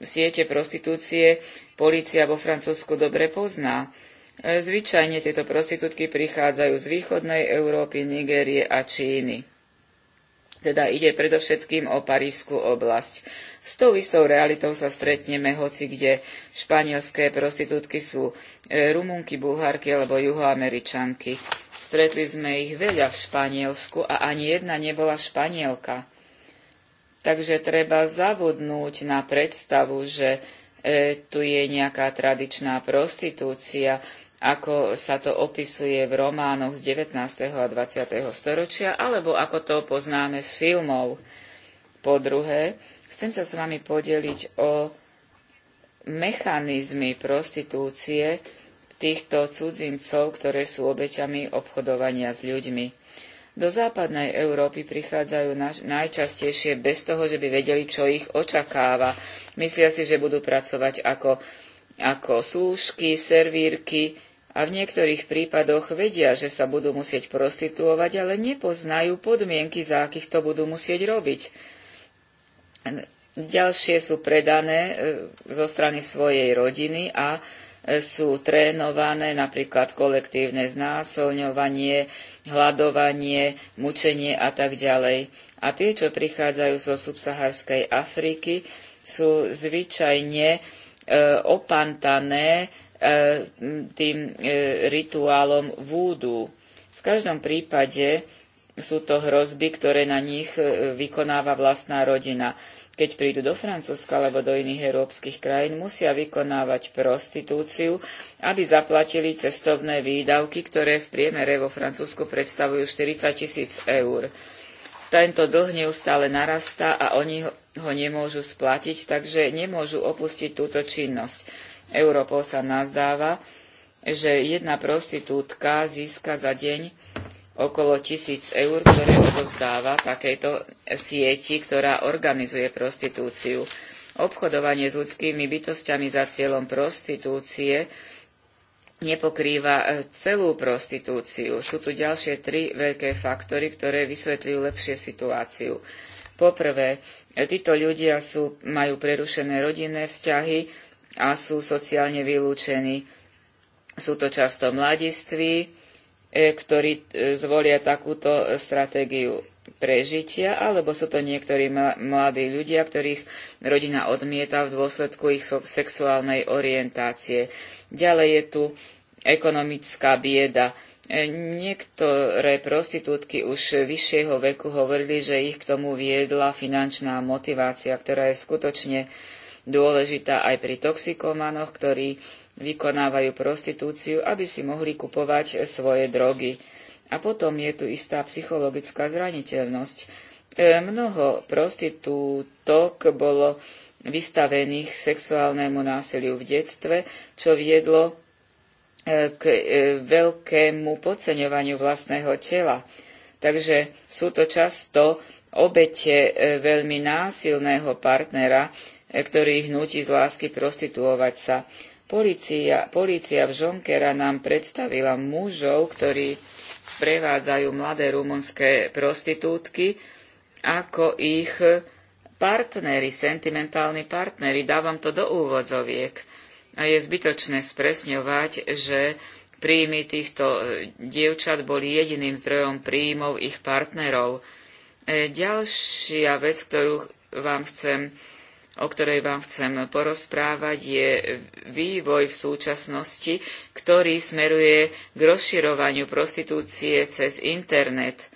D: siete prostitúcie polícia vo Francúzsku dobre pozná Zvyčajne tieto prostitútky prichádzajú z východnej Európy, Nigérie a Číny. Teda ide predovšetkým o parížskú oblasť. S tou istou realitou sa stretneme hoci kde. Španielské prostitútky sú e, Rumunky, Bulharky alebo Juhoameričanky. Stretli sme ich veľa v Španielsku a ani jedna nebola Španielka. Takže treba zavodnúť na predstavu, že e, tu je nejaká tradičná prostitúcia ako sa to opisuje v románoch z 19. a 20. storočia, alebo ako to poznáme z filmov. Po druhé, chcem sa s vami podeliť o mechanizmy prostitúcie týchto cudzincov, ktoré sú obeťami obchodovania s ľuďmi. Do západnej Európy prichádzajú najčastejšie bez toho, že by vedeli, čo ich očakáva. Myslia si, že budú pracovať ako, ako slúžky, servírky, a v niektorých prípadoch vedia, že sa budú musieť prostituovať, ale nepoznajú podmienky, za akých to budú musieť robiť. Ďalšie sú predané e, zo strany svojej rodiny a e, sú trénované napríklad kolektívne znásilňovanie, hľadovanie, mučenie a tak ďalej. A tie, čo prichádzajú zo subsaharskej Afriky, sú zvyčajne e, opantané tým e, rituálom vúdu. V každom prípade sú to hrozby, ktoré na nich e, vykonáva vlastná rodina. Keď prídu do Francúzska alebo do iných európskych krajín, musia vykonávať prostitúciu, aby zaplatili cestovné výdavky, ktoré v priemere vo Francúzsku predstavujú 40 tisíc eur. Tento dlh neustále narastá a oni ho nemôžu splatiť, takže nemôžu opustiť túto činnosť Europol sa nazdáva, že jedna prostitútka získa za deň okolo tisíc eur, ktoré odovzdáva takejto sieti, ktorá organizuje prostitúciu. Obchodovanie s ľudskými bytosťami za cieľom prostitúcie nepokrýva e, celú prostitúciu. Sú tu ďalšie tri veľké faktory, ktoré vysvetľujú lepšie situáciu. Poprvé, e, títo ľudia sú, majú prerušené rodinné vzťahy, a sú sociálne vylúčení. Sú to často mladiství, e, ktorí e, zvolia takúto stratégiu prežitia, alebo sú to niektorí mladí ľudia, ktorých rodina odmieta v dôsledku ich sexuálnej orientácie. Ďalej je tu ekonomická bieda. E, niektoré prostitútky už vyššieho veku hovorili, že ich k tomu viedla finančná motivácia, ktorá je skutočne dôležitá aj pri toxikomanoch, ktorí vykonávajú prostitúciu, aby si mohli kupovať svoje drogy. A potom je tu istá psychologická zraniteľnosť. E, mnoho prostitútok bolo vystavených sexuálnemu násiliu v detstve, čo viedlo e, k e, veľkému podceňovaniu vlastného tela. Takže sú to často obete veľmi násilného partnera, ktorý ich nutí z lásky prostituovať sa. Polícia, polícia v Žonkera nám predstavila mužov, ktorí sprevádzajú mladé rumunské prostitútky, ako ich partneri, sentimentálni partnery. Dávam to do úvodzoviek. A je zbytočné spresňovať, že príjmy týchto e, dievčat boli jediným zdrojom príjmov ich partnerov. E, ďalšia vec, ktorú vám chcem o ktorej vám chcem porozprávať, je vývoj v súčasnosti, ktorý smeruje k rozširovaniu prostitúcie cez internet.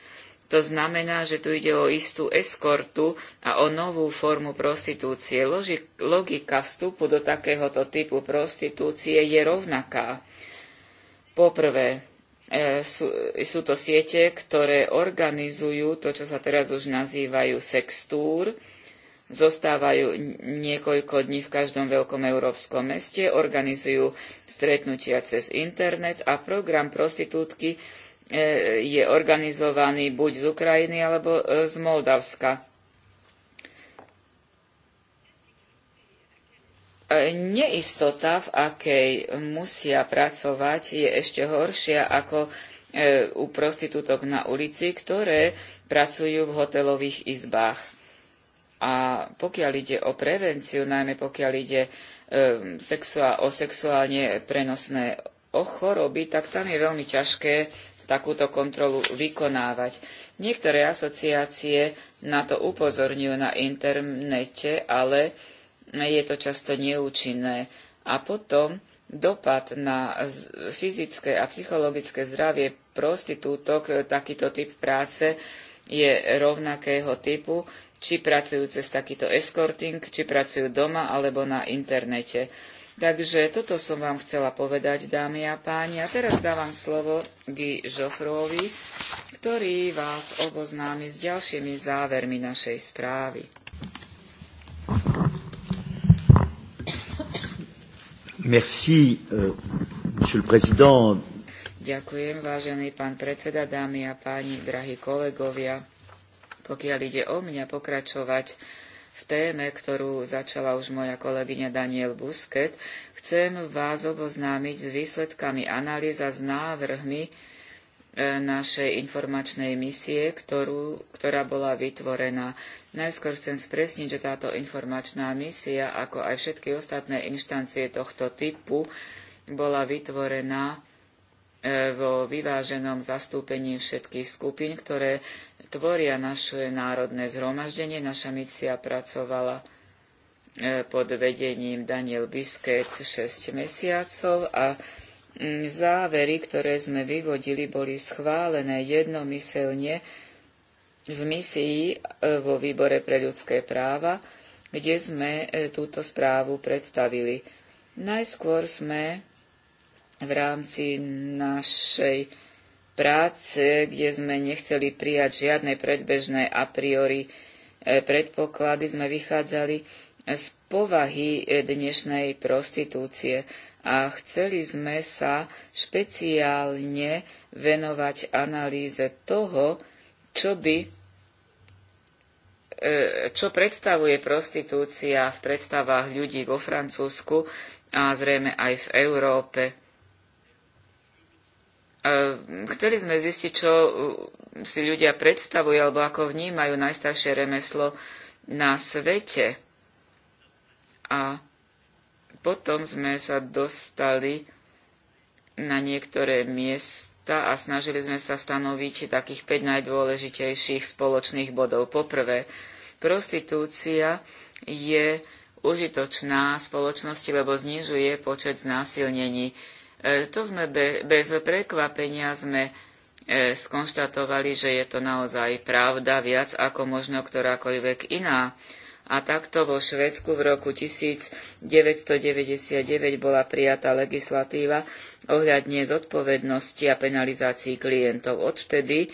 D: To znamená, že tu ide o istú eskortu a o novú formu prostitúcie. Logika vstupu do takéhoto typu prostitúcie je rovnaká. Poprvé, e, sú, sú to siete, ktoré organizujú to, čo sa teraz už nazývajú sextúr, zostávajú niekoľko dní v každom veľkom európskom meste, organizujú stretnutia cez internet a program prostitútky e, je organizovaný buď z Ukrajiny alebo e, z Moldavska. E, neistota, v akej musia pracovať, je ešte horšia ako u prostitútok na ulici, ktoré pracujú v hotelových izbách a pokiaľ ide o prevenciu, najmä pokiaľ ide ehm, o sexuálne prenosné choroby, tak tam je veľmi ťažké takúto kontrolu vykonávať. Niektoré asociácie na to upozorňujú na internete, ale je to často neúčinné. A potom dopad na fyzické a psychologické zdravie prostitútok, e, takýto typ práce je rovnakého typu, či pracujú cez takýto escorting, či pracujú doma alebo na internete. Takže toto som vám chcela povedať, dámy a páni. A teraz dávam slovo Guy Žofrovi, ktorý vás oboznámi s ďalšími závermi našej správy.
A: Merci, uh, monsieur le président.
D: Ďakujem, vážený pán predseda, dámy a páni, drahí kolegovia pokiaľ ide o mňa, pokračovať v téme, ktorú začala už moja kolegyňa Daniel Busket, chcem vás oboznámiť s výsledkami analýza, s návrhmi e, našej informačnej misie, ktorú, ktorá bola vytvorená. Najskôr chcem spresniť, že táto informačná misia, ako aj všetky ostatné inštancie tohto typu, bola vytvorená E, vo vyváženom zastúpení všetkých skupín, ktoré tvoria naše národné zhromaždenie. Naša misia pracovala e, pod vedením Daniel Bisket 6 mesiacov a mm, závery, ktoré sme vyvodili, boli schválené jednomyselne v misii e, vo výbore pre ľudské práva, kde sme túto správu predstavili. Najskôr sme v rámci našej práce, kde sme nechceli prijať žiadne predbežné a priori e, predpoklady, sme vychádzali z povahy e, dnešnej prostitúcie a chceli sme sa špeciálne venovať analýze toho, čo by e, čo predstavuje prostitúcia v predstavách ľudí vo Francúzsku a zrejme aj v Európe chceli sme zistiť, čo uh, si ľudia predstavujú alebo ako vnímajú najstaršie remeslo na svete. A potom sme sa dostali na niektoré miesta a snažili sme sa stanoviť takých 5 najdôležitejších spoločných bodov. Poprvé, prostitúcia je užitočná spoločnosti, lebo znižuje počet znásilnení E, to sme be, bez prekvapenia sme e, skonštatovali, že je to naozaj pravda viac ako možno ktorákoľvek iná. A takto vo Švedsku v roku 1999 bola prijatá legislatíva ohľadne zodpovednosti a penalizácií klientov. Odvtedy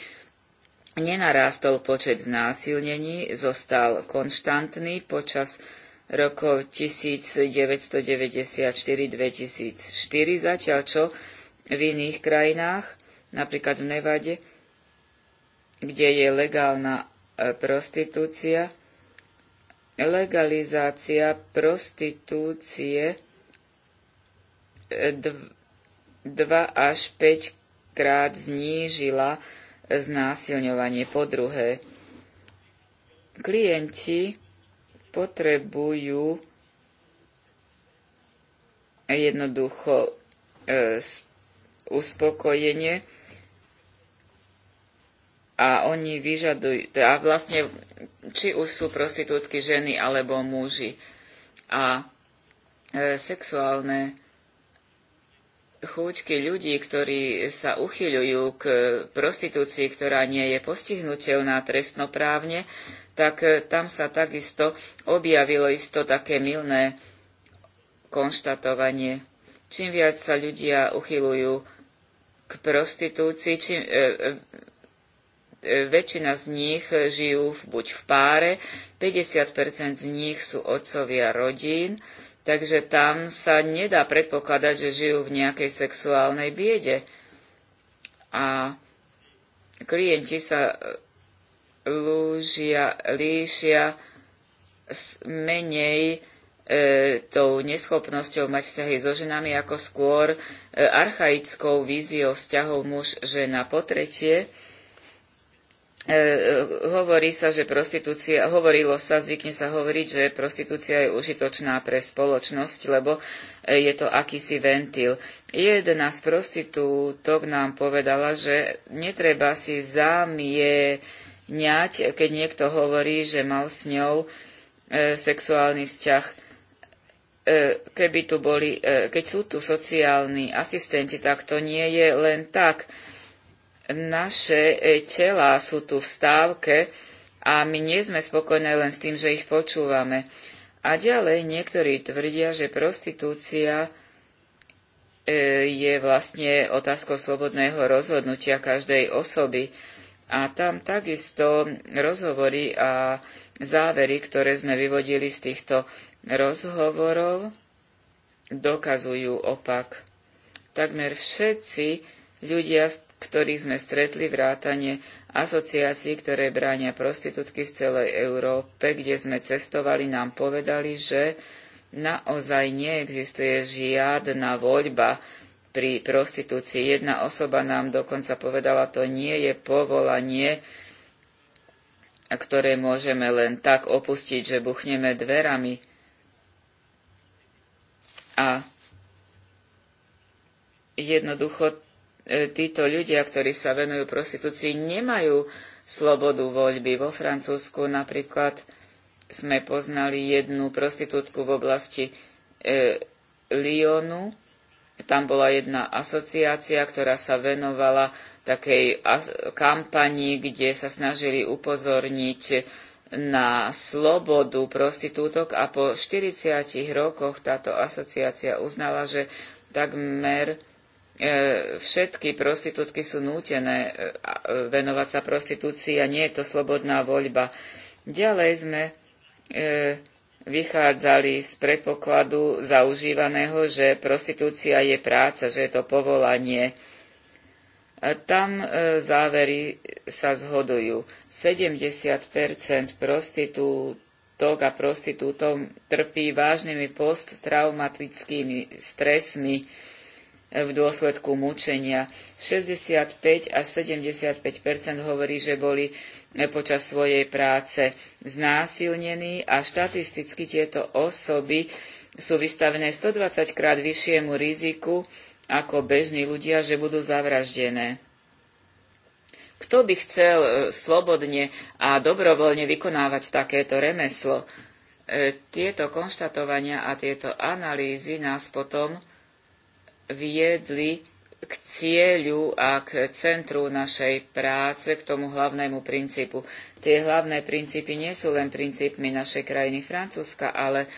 D: nenarástol počet znásilnení, zostal konštantný počas rokov 1994-2004, zatiaľ čo v iných krajinách, napríklad v Nevade, kde je legálna e, prostitúcia, legalizácia prostitúcie 2 e, až 5 krát znížila znásilňovanie. Po druhé, klienti potrebujú jednoducho e, uspokojenie a oni vyžadujú, a vlastne či už sú prostitútky ženy alebo muži. A e, sexuálne chúťky ľudí, ktorí sa uchyľujú k prostitúcii, ktorá nie je postihnutelná trestnoprávne, tak e, tam sa takisto objavilo isto také milné konštatovanie. Čím viac sa ľudia uchylujú k prostitúcii, čím, e, e, e väčšina z nich žijú v, buď v páre, 50% z nich sú otcovia rodín, takže tam sa nedá predpokladať, že žijú v nejakej sexuálnej biede. A klienti sa lúžia, líšia s menej e, tou neschopnosťou mať vzťahy so ženami, ako skôr e, archaickou víziou vzťahov muž-žena. Po tretie, e, e, hovorí sa, že prostitúcia, hovorilo sa, zvykne sa hovoriť, že prostitúcia je užitočná pre spoločnosť, lebo e, je to akýsi ventil. Jedna z prostitútok nám povedala, že netreba si zamie ňať, keď niekto hovorí, že mal s ňou e, sexuálny vzťah. E, keby tu boli, e, keď sú tu sociálni asistenti, tak to nie je len tak. Naše e, tela sú tu v stávke a my nie sme spokojné len s tým, že ich počúvame. A ďalej niektorí tvrdia, že prostitúcia e, je vlastne otázkou slobodného rozhodnutia každej osoby. A tam takisto rozhovory a závery, ktoré sme vyvodili z týchto rozhovorov, dokazujú opak. Takmer všetci ľudia, ktorých sme stretli vrátane asociácií, ktoré bránia prostitútky v celej Európe, kde sme cestovali, nám povedali, že naozaj neexistuje žiadna voľba pri prostitúcii. Jedna osoba nám dokonca povedala, to nie je povolanie, ktoré môžeme len tak opustiť, že buchneme dverami. A jednoducho e, títo ľudia, ktorí sa venujú prostitúcii, nemajú slobodu voľby. Vo Francúzsku napríklad sme poznali jednu prostitútku v oblasti e, Lyonu, tam bola jedna asociácia, ktorá sa venovala takej kampani, kde sa snažili upozorniť na slobodu prostitútok a po 40 rokoch táto asociácia uznala, že takmer e, všetky prostitútky sú nútené e, e, venovať sa prostitúcii a nie je to slobodná voľba. Ďalej sme vychádzali z predpokladu zaužívaného, že prostitúcia je práca, že je to povolanie. Tam e, závery sa zhodujú. 70 prostitútok a prostitútov trpí vážnymi posttraumatickými stresmi e, v dôsledku mučenia. 65 až 75 hovorí, že boli počas svojej práce znásilnení a štatisticky tieto osoby sú vystavené 120 krát vyššiemu riziku ako bežní ľudia, že budú zavraždené. Kto by chcel e, slobodne a dobrovoľne vykonávať takéto remeslo? E, tieto konštatovania a tieto analýzy nás potom viedli k cieľu a k centru našej práce, k tomu hlavnému princípu. Tie hlavné princípy nie sú len princípmi našej krajiny Francúzska, ale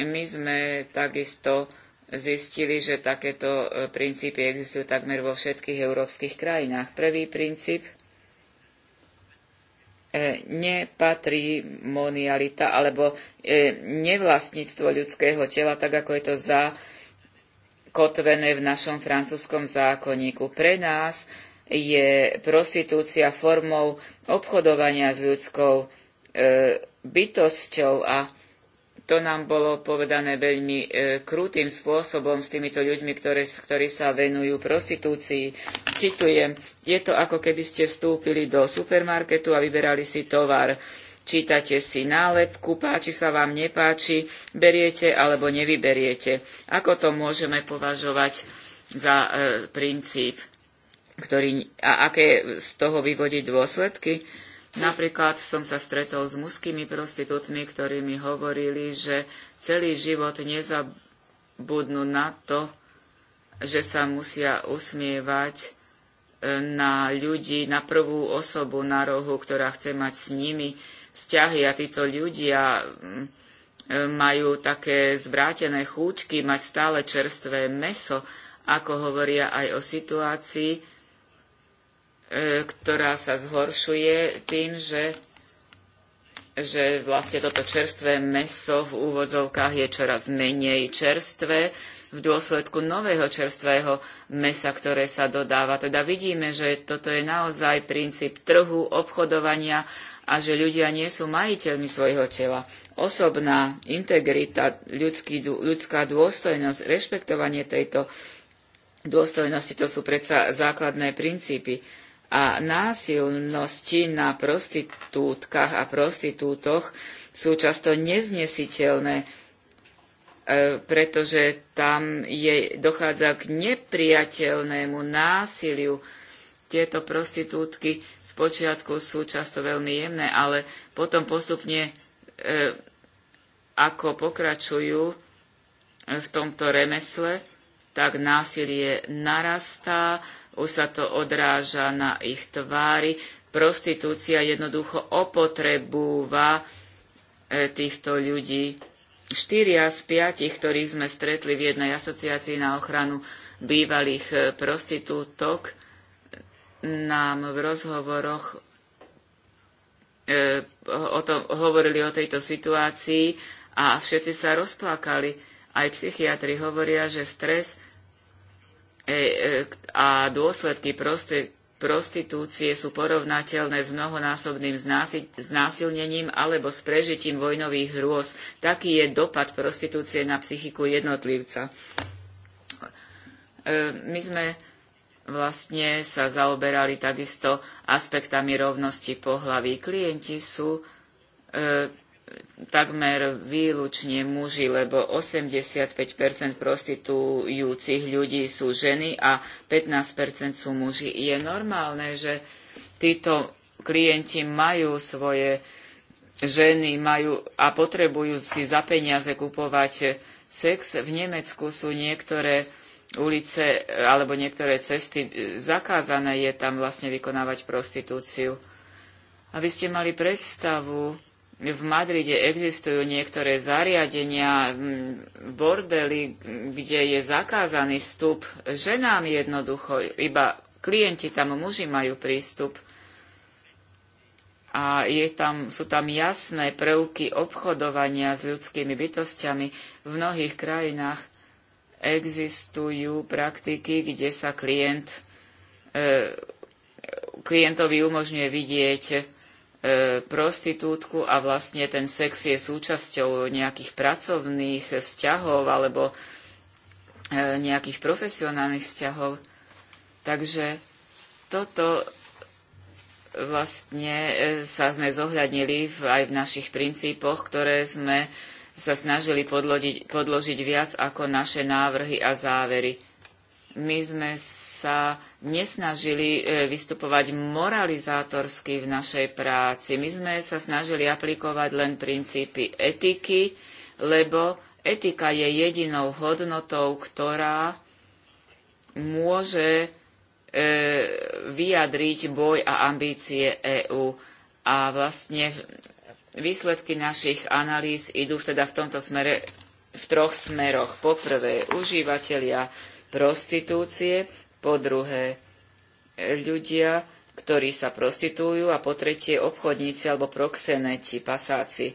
D: my sme takisto zistili, že takéto e, princípy existujú takmer vo všetkých európskych krajinách. Prvý princíp e, nepatrimonialita alebo e, nevlastníctvo ľudského tela, tak ako je to za kotvené v našom francúzskom zákonníku. Pre nás je prostitúcia formou obchodovania s ľudskou e, bytosťou a to nám bolo povedané veľmi e, krutým spôsobom s týmito ľuďmi, ktoré, ktorí sa venujú prostitúcii. Citujem, je to ako keby ste vstúpili do supermarketu a vyberali si tovar. E, Čítate si nálepku, páči sa vám, nepáči, beriete alebo nevyberiete. Ako to môžeme považovať za e, princíp, ktorý, a aké z toho vyvodiť dôsledky? Napríklad som sa stretol s mužskými prostitútmi, ktorí mi hovorili, že celý život nezabudnú na to, že sa musia usmievať e, na ľudí, na prvú osobu na rohu, ktorá chce mať s nimi vzťahy a títo ľudia mm, e, majú také zvrátené chúťky mať stále čerstvé meso, ako hovoria aj o situácii, e, ktorá sa zhoršuje tým, že, že vlastne toto čerstvé meso v úvodzovkách je čoraz menej čerstvé v dôsledku nového čerstvého mesa, ktoré sa dodáva. Teda vidíme, že toto je naozaj princíp trhu, obchodovania a že ľudia nie sú majiteľmi svojho tela. Osobná integrita, ľudský, ľudská dôstojnosť, rešpektovanie tejto dôstojnosti, to sú predsa základné princípy. A násilnosti na prostitútkach a prostitútoch sú často neznesiteľné, e, pretože tam je, dochádza k neprijateľnému násiliu tieto prostitútky spočiatku sú často veľmi jemné, ale potom postupne, e, ako pokračujú e, v tomto remesle, tak násilie narastá, už sa to odráža na ich tvári. Prostitúcia jednoducho opotrebúva e, týchto ľudí. Štyria z piatich, ktorých sme stretli v jednej asociácii na ochranu bývalých e, prostitútok, nám v rozhovoroch e, o hovorili o tejto situácii a všetci sa rozplakali. Aj psychiatri hovoria, že stres e, e, a dôsledky prosti, prostitúcie sú porovnateľné s mnohonásobným znási, znásilnením alebo s prežitím vojnových hrôz. Taký je dopad prostitúcie na psychiku jednotlivca. E, my sme vlastne sa zaoberali takisto aspektami rovnosti pohlaví. Klienti sú e, takmer výlučne muži, lebo 85 prostitujúcich ľudí sú ženy a 15 sú muži. Je normálne, že títo klienti majú svoje ženy majú a potrebujú si za peniaze kupovať sex. V Nemecku sú niektoré ulice e, alebo niektoré cesty e, zakázané je tam vlastne vykonávať prostitúciu. Aby ste mali predstavu, v Madride existujú niektoré zariadenia, bordely, kde je zakázaný vstup ženám jednoducho, iba klienti tam muži majú prístup. A je tam, sú tam jasné prvky obchodovania s ľudskými bytostiami v mnohých krajinách existujú praktiky, kde sa klient, e, klientovi umožňuje vidieť e, prostitútku a vlastne ten sex je súčasťou nejakých pracovných vzťahov alebo e, nejakých profesionálnych vzťahov. Takže toto vlastne sa sme zohľadnili aj v našich princípoch, ktoré sme sa snažili podložiť, podložiť viac ako naše návrhy a závery. My sme sa nesnažili e, vystupovať moralizátorsky v našej práci. My sme sa snažili aplikovať len princípy etiky, lebo etika je jedinou hodnotou, ktorá môže e, vyjadriť boj a ambície EÚ. A vlastne Výsledky našich analýz idú teda v tomto smere v troch smeroch. Po prvé, užívateľia prostitúcie, po druhé, ľudia, ktorí sa prostitujú a po tretie, obchodníci alebo proxeneti, pasáci. E,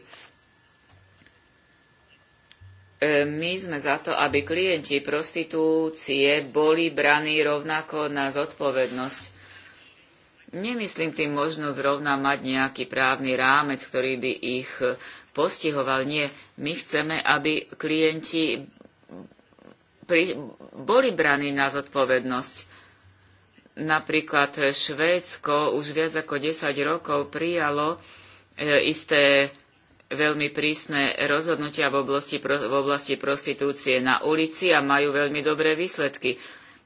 D: my sme za to, aby klienti prostitúcie boli braní rovnako na zodpovednosť Nemyslím tým možno zrovna mať nejaký právny rámec, ktorý by ich postihoval. Nie, my chceme, aby klienti boli braní na zodpovednosť. Napríklad Švédsko už viac ako 10 rokov prijalo e, isté veľmi prísne rozhodnutia v oblasti, v oblasti prostitúcie na ulici a majú veľmi dobré výsledky.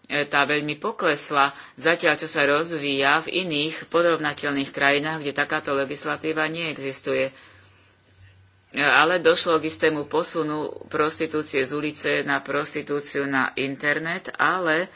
D: E, tá veľmi poklesla, zatiaľ čo sa rozvíja v iných porovnateľných krajinách, kde takáto legislatíva neexistuje. E, ale došlo k istému posunu prostitúcie z ulice na prostitúciu na internet, ale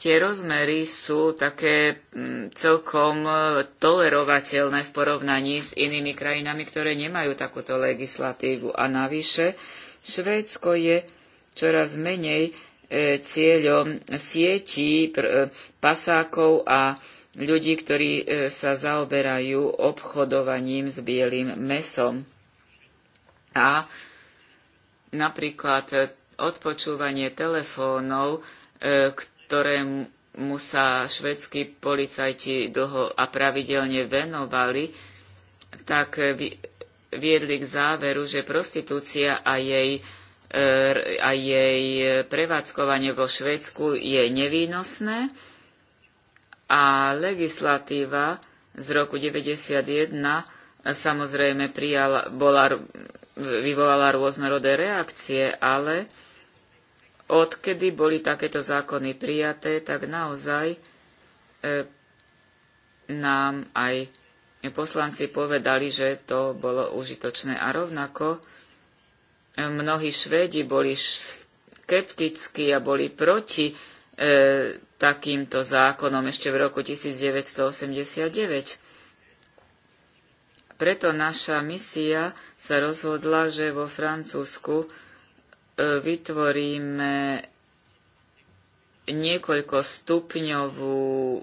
D: tie rozmery sú také mm, celkom e, tolerovateľné v porovnaní s inými krajinami, ktoré nemajú takúto legislatívu. A navyše, Švédsko je čoraz menej E, cieľom sietí e, pasákov a ľudí, ktorí e, sa zaoberajú obchodovaním s bielým mesom. A napríklad odpočúvanie telefónov, ktorému sa švedskí policajti dlho a pravidelne venovali, tak viedli k záveru, že prostitúcia a jej a jej prevádzkovanie vo Švédsku je nevýnosné a legislatíva z roku 91 samozrejme prijala, bola, vyvolala rôznorodé reakcie, ale odkedy boli takéto zákony prijaté, tak naozaj e, nám aj poslanci povedali, že to bolo užitočné a rovnako mnohí Švédi boli skeptickí a boli proti e, takýmto zákonom ešte v roku 1989. Preto naša misia sa rozhodla, že vo Francúzsku e, vytvoríme niekoľko stupňovú e,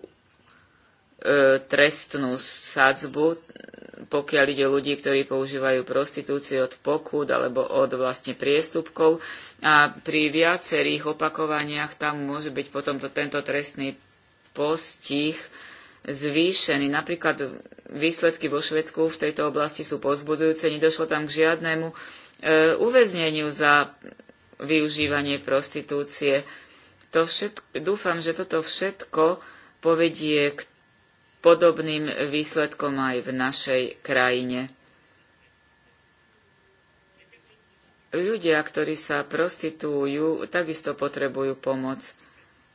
D: trestnú sadzbu pokiaľ ide ľudí, ktorí používajú prostitúciu od pokút alebo od vlastne priestupkov. A pri viacerých opakovaniach tam môže byť potom to, tento trestný postih zvýšený. Napríklad výsledky vo Švedsku v tejto oblasti sú pozbudzujúce. Nedošlo tam k žiadnemu e, uväzneniu za využívanie prostitúcie. To všetko, dúfam, že toto všetko povedie k podobným výsledkom aj v našej krajine. Ľudia, ktorí sa prostitujú, takisto potrebujú pomoc.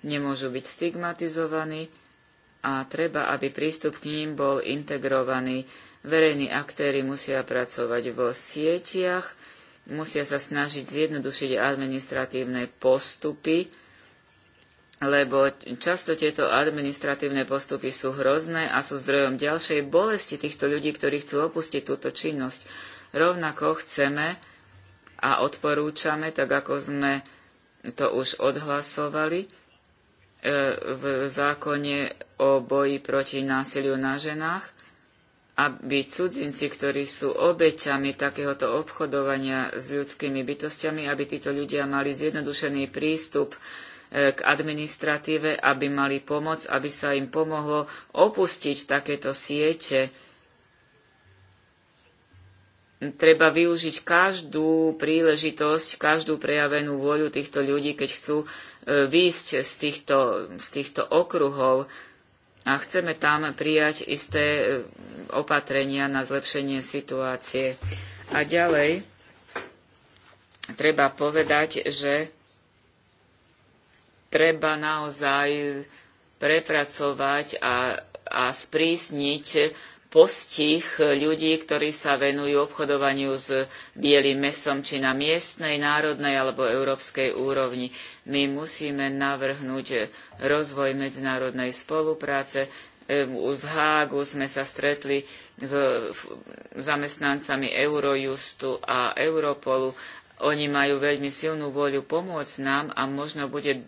D: Nemôžu byť stigmatizovaní a treba, aby prístup k ním bol integrovaný. Verejní aktéry musia pracovať vo sieťach, musia sa snažiť zjednodušiť administratívne postupy, lebo často tieto administratívne postupy sú hrozné a sú zdrojom ďalšej bolesti týchto ľudí, ktorí chcú opustiť túto činnosť. Rovnako chceme a odporúčame, tak ako sme to už odhlasovali, e, v zákone o boji proti násiliu na ženách, aby cudzinci, ktorí sú obeťami takéhoto obchodovania s ľudskými bytosťami, aby títo ľudia mali zjednodušený prístup k administratíve, aby mali pomoc, aby sa im pomohlo opustiť takéto siete. Treba využiť každú príležitosť, každú prejavenú vôľu týchto ľudí, keď chcú e, výjsť z týchto, z týchto okruhov a chceme tam prijať isté e, opatrenia na zlepšenie situácie. A ďalej treba povedať, že treba naozaj prepracovať a, a sprísniť postih ľudí, ktorí sa venujú obchodovaniu s bielým mesom, či na miestnej, národnej alebo európskej úrovni. My musíme navrhnúť rozvoj medzinárodnej spolupráce. Ehm, v Hágu sme sa stretli s zamestnancami Eurojustu a Europolu oni majú veľmi silnú vôľu pomôcť nám a možno bude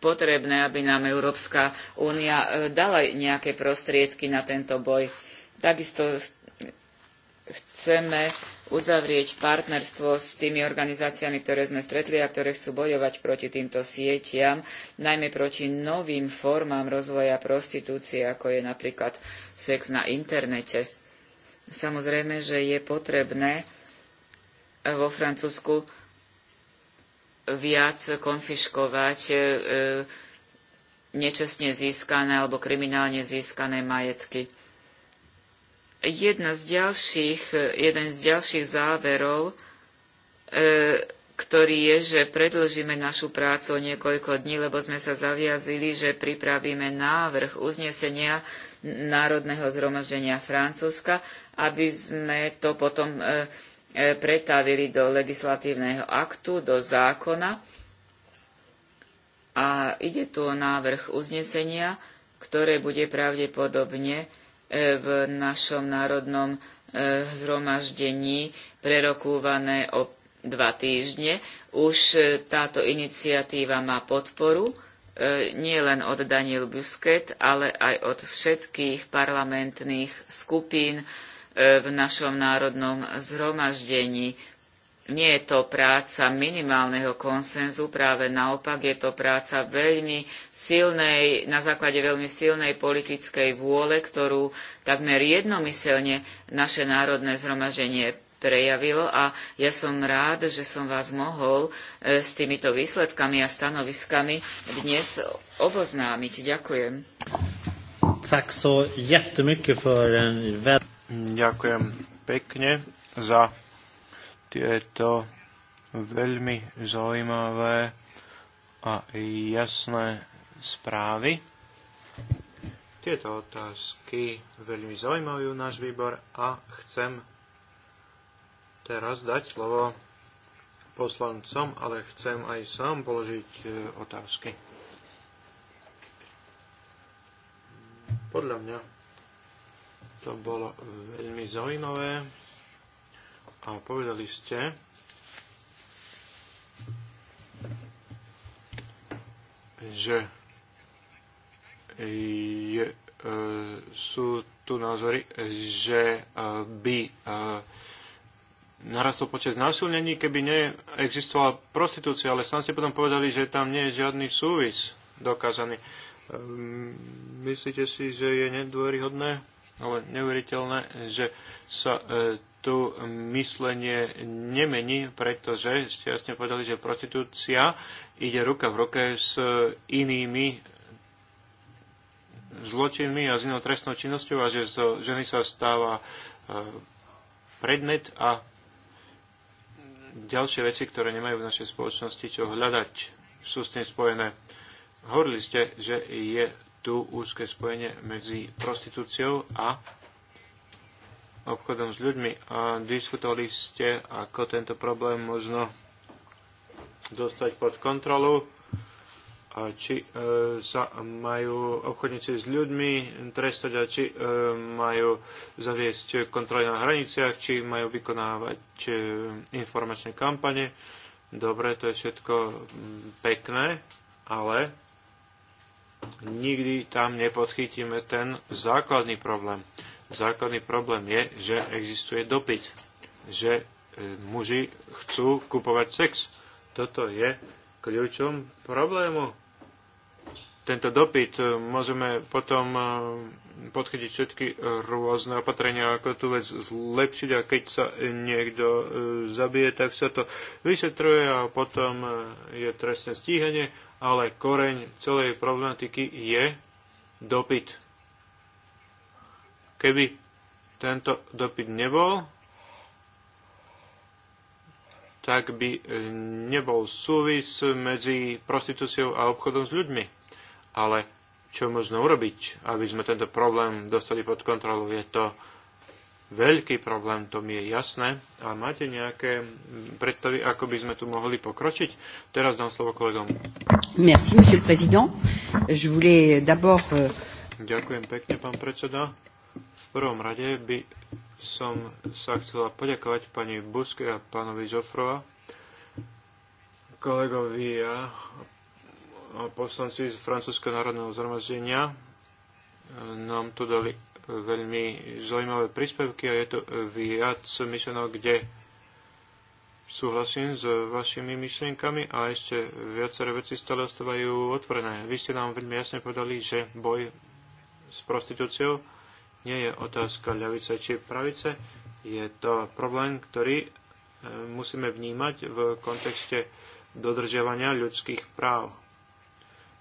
D: potrebné, aby nám Európska únia e, dala nejaké prostriedky na tento boj. Takisto chceme uzavrieť partnerstvo s tými organizáciami, ktoré sme stretli a ktoré chcú bojovať proti týmto sieťam, najmä proti novým formám rozvoja prostitúcie, ako je napríklad sex na internete. Samozrejme, že je potrebné vo Francúzsku viac konfiškovať e, e, nečestne získané alebo kriminálne získané majetky. Z ďalších, jeden z ďalších záverov, e, ktorý je, že predlžíme našu prácu o niekoľko dní, lebo sme sa zaviazili, že pripravíme návrh uznesenia Národného zhromaždenia Francúzska, aby sme to potom e, E, pretavili do legislatívneho aktu, do zákona. A ide tu o návrh uznesenia, ktoré bude pravdepodobne e, v našom národnom e, zhromaždení prerokúvané o dva týždne. Už táto iniciatíva má podporu nielen od Daniel Busquet, ale aj od všetkých parlamentných skupín, E, v našom národnom zhromaždení. Nie je to práca minimálneho konsenzu, práve naopak je to práca veľmi silnej, na základe veľmi silnej politickej vôle, ktorú takmer jednomyselne naše národné zhromaženie prejavilo a ja som rád, že som vás mohol e, s týmito výsledkami a stanoviskami dnes oboznámiť. Ďakujem.
A: Tak so
B: jättemycket för Ďakujem pekne za tieto veľmi zaujímavé a jasné správy. Tieto otázky veľmi zaujímajú náš výbor a chcem teraz dať slovo poslancom, ale chcem aj sám položiť e, otázky. Podľa mňa to bolo veľmi zaujímavé. A povedali ste, že je, e, sú tu názory, že e, by e, narastol počet násilnení, keby neexistovala prostitúcia, ale sám ste potom povedali, že tam nie je žiadny súvis dokázaný. E, myslíte si, že je nedôveryhodné ale neuveriteľné, že sa e, tu myslenie nemení, pretože ste jasne povedali, že prostitúcia ide ruka v ruke s e, inými zločinmi a s inou trestnou činnosťou a že z ženy sa stáva e, predmet a ďalšie veci, ktoré nemajú v našej spoločnosti čo hľadať, sú s tým spojené. Hovorili ste, že je tu úzke spojenie medzi prostitúciou a obchodom s ľuďmi a diskutovali ste, ako tento problém možno dostať pod kontrolu, a či e, sa majú obchodníci s ľuďmi trestať a či e, majú zaviesť kontroly na hraniciach, či majú vykonávať e, informačné kampane. Dobre, to je všetko pekné, ale nikdy tam nepodchytíme ten základný problém. Základný problém je, že existuje dopyt, že e, muži chcú kupovať sex. Toto je kľúčom problému. Tento dopyt e, môžeme potom e, podchytiť všetky rôzne opatrenia, ako tú vec zlepšiť a keď sa niekto zabije, tak sa to vyšetruje a potom je trestné stíhanie ale koreň celej problematiky je dopyt. Keby tento dopyt nebol, tak by e, nebol súvis medzi prostitúciou a obchodom s ľuďmi. Ale čo možno urobiť, aby sme tento problém dostali pod kontrolu, je to veľký problém, to mi je jasné. A máte nejaké predstavy, ako by sme tu mohli pokročiť? Teraz dám slovo kolegom.
D: Merci, monsieur le président. Je voulais d'abord... Euh,
B: Ďakujem pekne, pán predseda. V prvom rade by som sa chcela poďakovať pani Buske a pánovi Žofrova, kolegovi a poslanci z Francúzského národného zhromaždenia nám tu dali veľmi zaujímavé príspevky a je tu viac myšlenok, kde súhlasím s vašimi myšlienkami a ešte viaceré veci stále ostávajú otvorené. Vy ste nám veľmi jasne povedali, že boj s prostitúciou nie je otázka ľavice či pravice, je to problém, ktorý e, musíme vnímať v kontexte dodržiavania ľudských práv.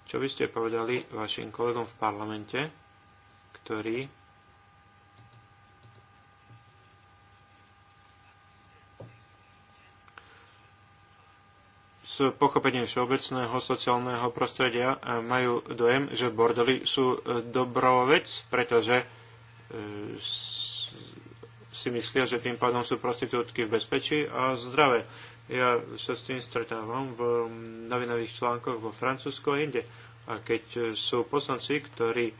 B: Čo by ste povedali vašim kolegom v parlamente, ktorí pochopením pochopenia všeobecného sociálneho prostredia e, majú dojem, že bordely sú e, dobrou vec, pretože e, si myslia, že tým pádom sú prostitútky v bezpečí a zdravé. Ja sa s tým stretávam v novinových článkoch vo Francúzsku a inde. A keď sú poslanci, ktorí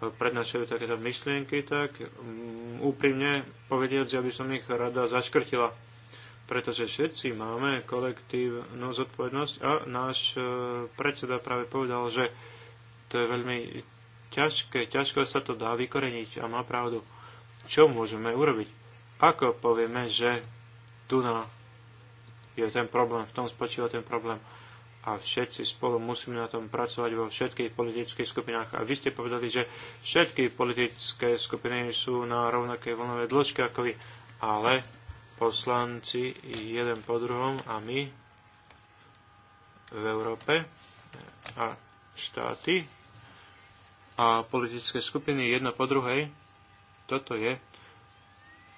B: prednášajú takéto myšlienky, tak úprimne povediac, ja by som ich rada zaškrtila pretože všetci máme kolektívnu no, zodpovednosť a náš e, predseda práve povedal, že to je veľmi ťažké, ťažko sa to dá vykoreniť a má pravdu. Čo môžeme urobiť? Ako povieme, že tu na je ten problém, v tom spočíva ten problém a všetci spolu musíme na tom pracovať vo všetkých politických skupinách. A vy ste povedali, že všetky politické skupiny sú na rovnakej vlnovej dĺžke ako vy, ale poslanci jeden po druhom a my v Európe a štáty a politické skupiny jedna po druhej. Toto je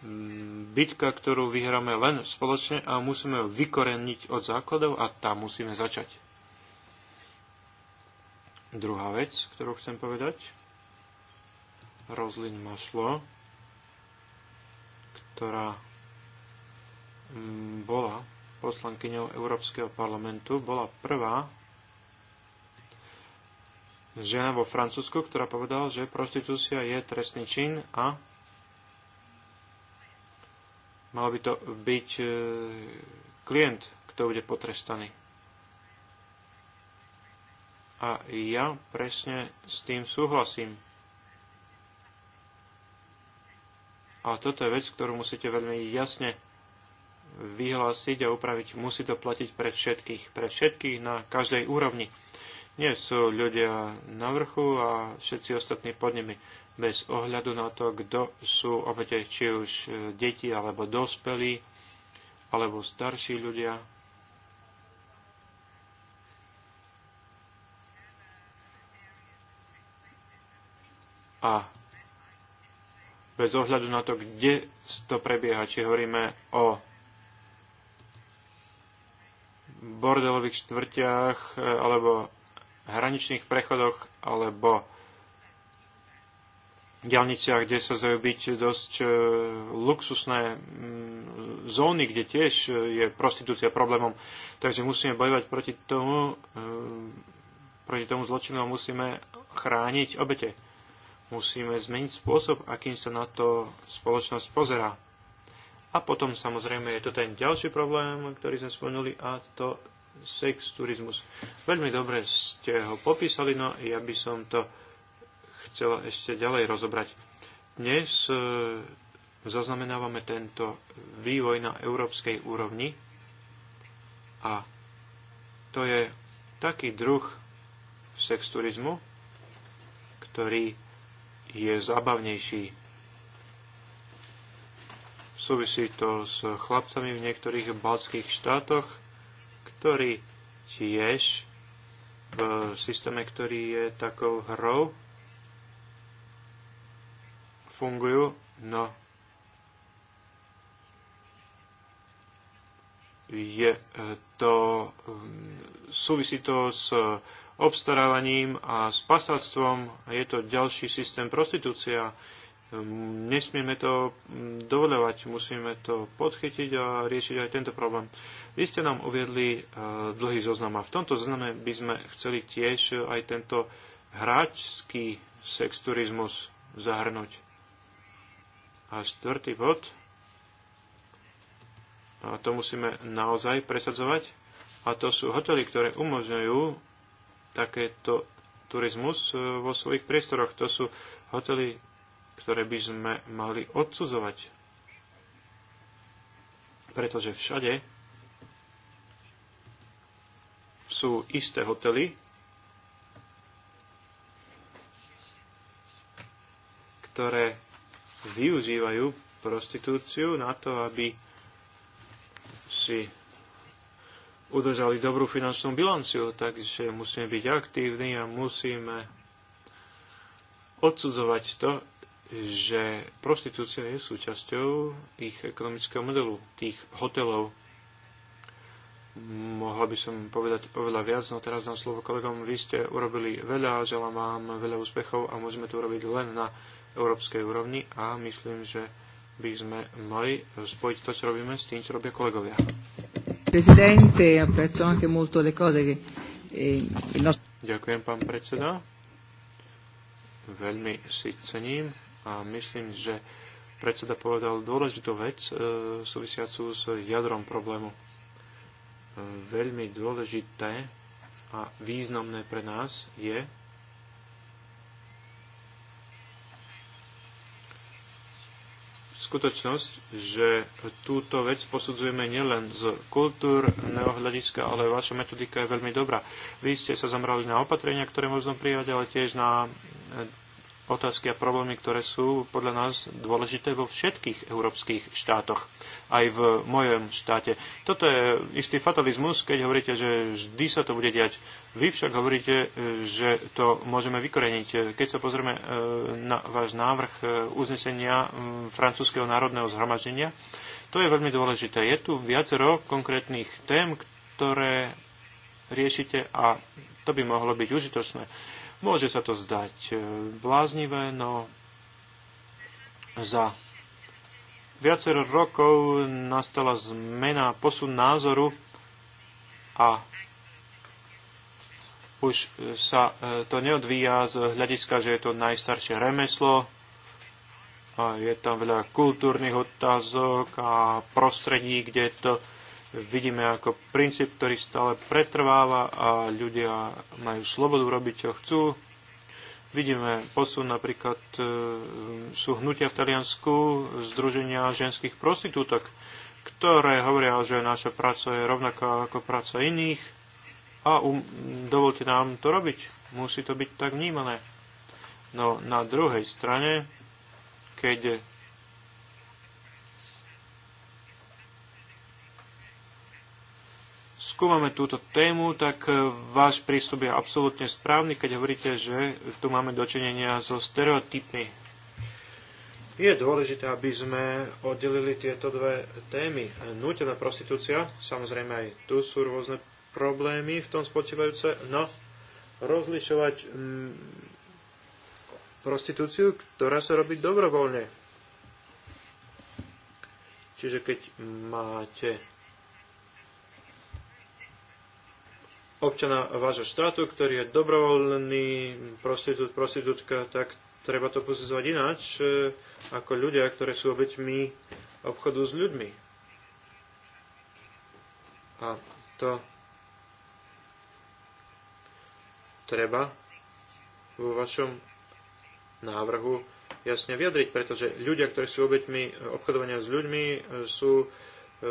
B: mm, bitka, ktorú vyhráme len spoločne a musíme ju vykoreniť od základov a tam musíme začať. Druhá vec, ktorú chcem povedať. Rozlin Mašlo, ktorá bola poslankyňou Európskeho parlamentu, bola prvá žena vo Francúzsku, ktorá povedala, že prostitúcia je trestný čin a mal by to byť e, klient, kto bude potrestaný. A ja presne s tým súhlasím. A toto je vec, ktorú musíte veľmi jasne vyhlásiť a upraviť. Musí to platiť pre všetkých, pre všetkých na každej úrovni. Nie sú ľudia na vrchu a všetci ostatní pod nimi bez ohľadu na to, kto sú obete, či už e, deti, alebo dospelí, alebo starší ľudia. A bez ohľadu na to, kde to prebieha, či hovoríme o bordelových štvrtiach e, alebo hraničných prechodoch alebo ďalniciach, kde sa zajú byť dosť e, luxusné zóny, kde tiež e, je prostitúcia problémom. Takže musíme bojovať proti tomu, proti tomu zločinu a musíme chrániť obete. Musíme zmeniť spôsob, akým sa na to spoločnosť pozerá. A potom samozrejme je to ten ďalší problém, ktorý sme spomenuli a to sex turizmus. Veľmi dobre ste ho popísali, no ja by som to chcela ešte ďalej rozobrať. Dnes e, zaznamenávame tento vývoj na európskej úrovni a to je taký druh sex turizmu, ktorý je zábavnejší Súvisí to s chlapcami v niektorých baltských štátoch, ktorí tiež v systéme, ktorý je takou hrou, fungujú, no je to, súvisí to s obstarávaním a s pasáctvom, je to ďalší systém prostitúcia, Ehm, nesmieme to mm, dovoľovať, musíme to podchytiť a riešiť aj tento problém. Vy ste nám uviedli eh, dlhý zoznam a v tomto zozname by sme chceli tiež eh, aj tento hráčský sexturizmus zahrnúť. A štvrtý bod, a to musíme naozaj presadzovať, a to sú hotely, ktoré umožňujú takéto turizmus eh, vo svojich priestoroch. To sú hotely, ktoré by sme mali odsudzovať. Pretože všade sú isté hotely, ktoré využívajú prostitúciu na to, aby si udržali dobrú finančnú bilanciu, takže musíme byť aktívni a musíme odsudzovať to, že prostitúcia je súčasťou ich ekonomického modelu, tých hotelov. Mohla by som povedať oveľa viac, no teraz dám slovo kolegom. Vy ste urobili veľa, želám vám veľa úspechov a môžeme to urobiť len na európskej úrovni a myslím, že by sme mali spojiť to, čo robíme s tým, čo robia kolegovia.
C: Presidente, apprezzo anche molto le cose che eh,
B: Ďakujem, pán predseda. Veľmi si cením a myslím, že predseda povedal dôležitú vec e, súvisiacu s jadrom problému. E, veľmi dôležité a významné pre nás je, skutočnosť, že túto vec posudzujeme nielen z kultúrneho hľadiska, ale vaša metodika je veľmi dobrá. Vy ste sa zamrali na opatrenia, ktoré možno prijať, ale tiež na otázky a problémy, ktoré sú podľa nás dôležité vo všetkých európskych štátoch, aj v mojom štáte. Toto je istý fatalizmus, keď hovoríte, že vždy sa to bude diať. Vy však hovoríte, že to môžeme vykoreniť. Keď sa pozrieme e, na váš návrh e, uznesenia francúzského národného zhromaždenia, to je veľmi dôležité. Je tu viacero konkrétnych tém, ktoré riešite a to by mohlo byť užitočné. Môže sa to zdať e, bláznivé, no za viacero rokov nastala zmena, posun názoru a už sa e, to neodvíja z hľadiska, že je to najstaršie remeslo, a je tam veľa kultúrnych otázok a prostredí, kde to vidíme ako princíp, ktorý stále pretrváva a ľudia majú slobodu robiť, čo chcú. Vidíme posun napríklad e, sú hnutia v Taliansku Združenia ženských prostitútok, ktoré hovoria, že naša práca je rovnaká ako práca iných a um, dovolte nám to robiť. Musí to byť tak vnímané. No na druhej strane, keď skúmame túto tému, tak e, váš prístup je absolútne správny, keď hovoríte, že tu máme dočinenia so stereotypmi. Je dôležité, aby sme oddelili tieto dve témy. Nútená prostitúcia, samozrejme aj tu sú rôzne problémy v tom spočívajúce, no rozlišovať mm, prostitúciu, ktorá sa robí dobrovoľne. Čiže keď máte občana vášho štátu, ktorý je dobrovoľný prostitút, prostitútka, tak treba to posudzovať ináč e, ako ľudia, ktoré sú obeťmi obchodu s ľuďmi. A to treba vo vašom návrhu jasne vyjadriť, pretože ľudia, ktorí sú obeťmi obchodovania s ľuďmi, e, sú E,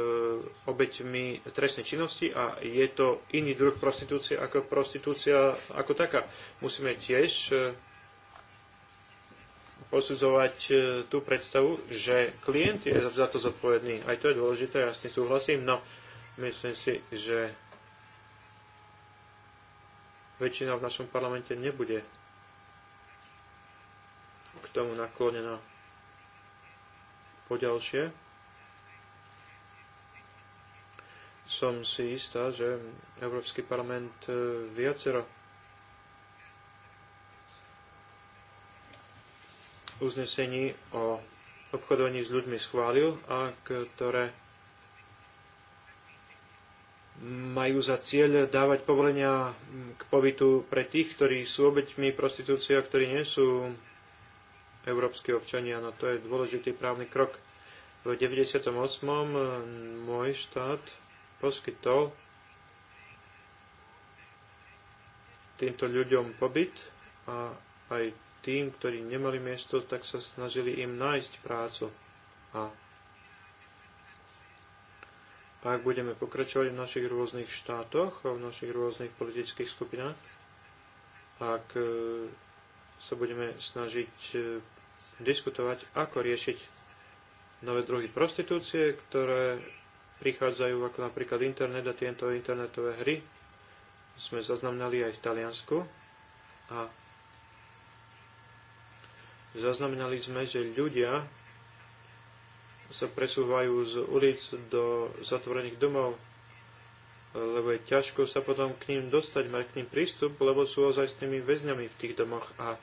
B: obeťmi trestnej činnosti a je to iný druh prostitúcie ako prostitúcia ako taká. Musíme tiež e, posudzovať e, tú predstavu, že klient je za to zodpovedný. Aj to je dôležité, ja s tým súhlasím, no myslím si, že väčšina v našom parlamente nebude k tomu naklonená. Poďalšie som si istá, že Európsky parlament e, viacero uznesení o obchodovaní s ľuďmi schválil a ktoré majú za cieľ dávať povolenia k pobytu pre tých, ktorí sú obeťmi prostitúcie a ktorí nie sú európsky občania. No to je dôležitý právny krok. V 98. E, môj štát poskytol týmto ľuďom pobyt a aj tým, ktorí nemali miesto, tak sa snažili im nájsť prácu. A ak budeme pokračovať v našich rôznych štátoch a v našich rôznych politických skupinách, ak e, sa budeme snažiť e, diskutovať, ako riešiť nové druhy prostitúcie, ktoré prichádzajú, ako napríklad internet a tieto internetové hry. Sme zaznamenali aj v Taliansku a zaznamenali sme, že ľudia sa presúvajú z ulic do zatvorených domov, lebo je ťažko sa potom k ním dostať, mať k ním prístup, lebo sú tými väzňami v tých domoch a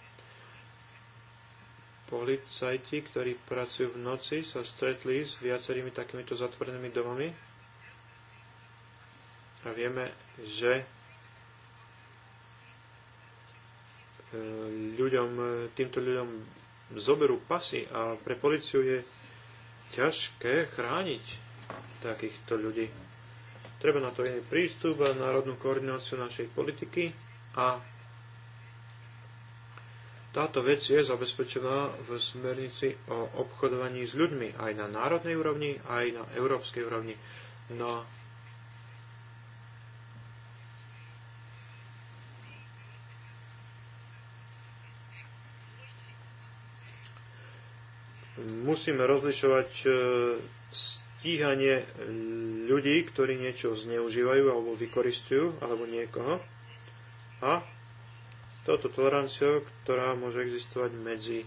B: policajti, ktorí pracujú v noci, sa stretli s viacerými takýmito zatvorenými domami. A vieme, že e, ľuďom, týmto ľuďom zoberú pasy a pre policiu je ťažké chrániť takýchto ľudí. Treba na to jej prístup a národnú koordináciu našej politiky a táto vec je zabezpečená v smernici o obchodovaní s ľuďmi aj na národnej úrovni, aj na európskej úrovni. No musíme rozlišovať e, stíhanie ľudí, ktorí niečo zneužívajú alebo vykoristujú, alebo niekoho. A touto toleranciou, ktorá môže existovať medzi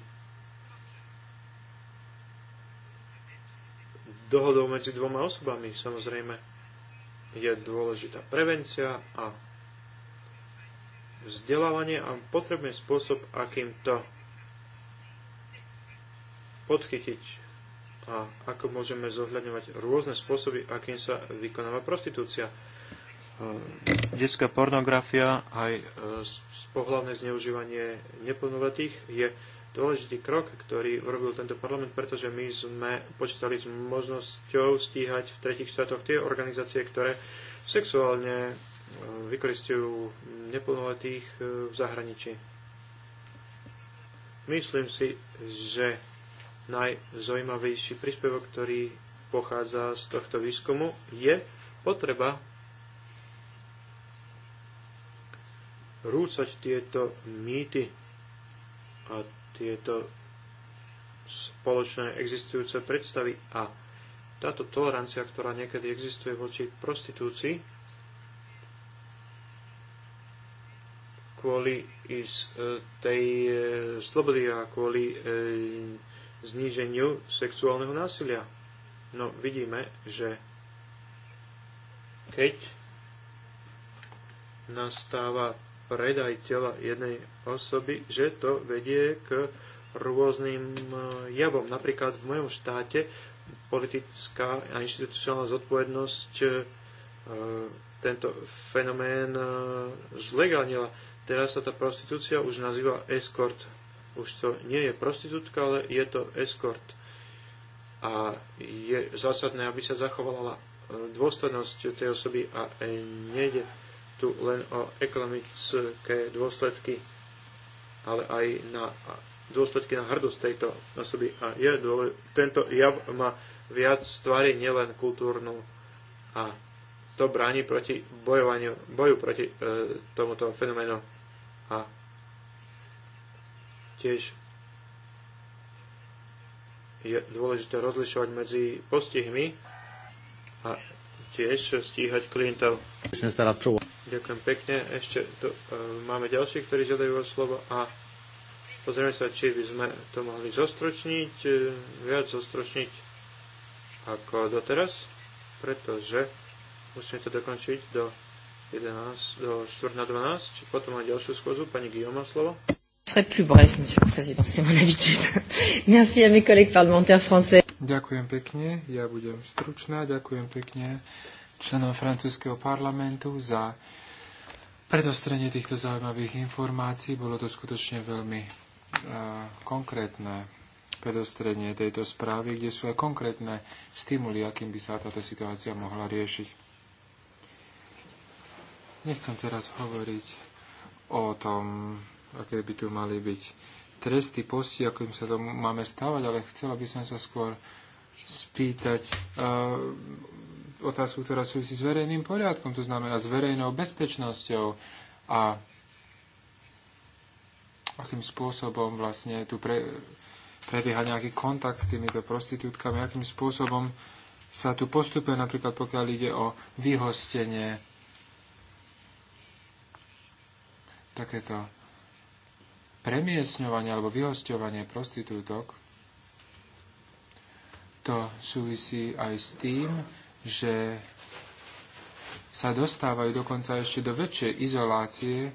B: dohodou medzi dvoma osobami. Samozrejme, je dôležitá prevencia a vzdelávanie a potrebný spôsob, akým to podchytiť a ako môžeme zohľadňovať rôzne spôsoby, akým sa vykonáva prostitúcia. Eh, detská pornografia aj eh, pohľavné zneužívanie neplnoletých je dôležitý krok, ktorý urobil tento parlament, pretože my sme počítali s možnosťou stíhať v tretich štátoch tie organizácie, ktoré sexuálne eh, vykoristujú neplnoletých v zahraničí. Myslím si, že najzaujímavejší príspevok, ktorý pochádza z tohto výskumu, je potreba rúcať tieto mýty a tieto spoločné existujúce predstavy a táto tolerancia, ktorá niekedy existuje voči prostitúcii, kvôli z e, tej e, slobody a kvôli e, zníženiu sexuálneho násilia. No vidíme, že keď nastáva predaj tela jednej osoby, že to vedie k rôznym eh, javom. Napríklad v mojom štáte politická a inštitucionálna zodpovednosť eh, tento fenomén eh, zlegálnila. Teraz sa tá prostitúcia už nazýva escort. Už to nie je prostitútka, ale je to escort. A je zásadné, aby sa zachovala dôstojnosť tej osoby a nejde tu len o ekonomické dôsledky, ale aj na dôsledky na hrdosť tejto osoby. A je dôle, tento jav má viac tvári, nielen kultúrnu. A to bráni proti bojovaniu, boju proti e, tomuto fenoménu. A tiež je dôležité rozlišovať medzi postihmi a tiež stíhať klientov. Myslím, Ďakujem pekne. Ešte tu, e, máme ďalších, ktorí žiadajú o slovo a pozrieme sa, či by sme to mohli zostročniť, e, viac zostročniť ako doteraz, pretože musíme to dokončiť do 11, do 4 na 12, potom máme ďalšiu schôzu. Pani Guillaume slovo.
E: Ďakujem pekne, ja budem stručná, ďakujem pekne členom francúzského parlamentu za predostrenie týchto zaujímavých informácií. Bolo to skutočne veľmi e, konkrétne predostrenie tejto správy, kde sú aj konkrétne stimuly, akým by sa táto situácia mohla riešiť. Nechcem teraz hovoriť o tom, aké by tu mali byť tresty, posti, akým sa tomu máme stávať, ale chcela by som sa skôr spýtať, uh, otázku, ktorá súvisí s verejným poriadkom, to znamená s verejnou bezpečnosťou a akým spôsobom vlastne tu pre, prebieha nejaký kontakt s týmito prostitútkami, akým spôsobom sa tu postupuje, napríklad pokiaľ ide o vyhostenie takéto premiesňovanie alebo vyhosťovanie prostitútok, to súvisí aj s tým, že sa dostávajú dokonca ešte do väčšej izolácie,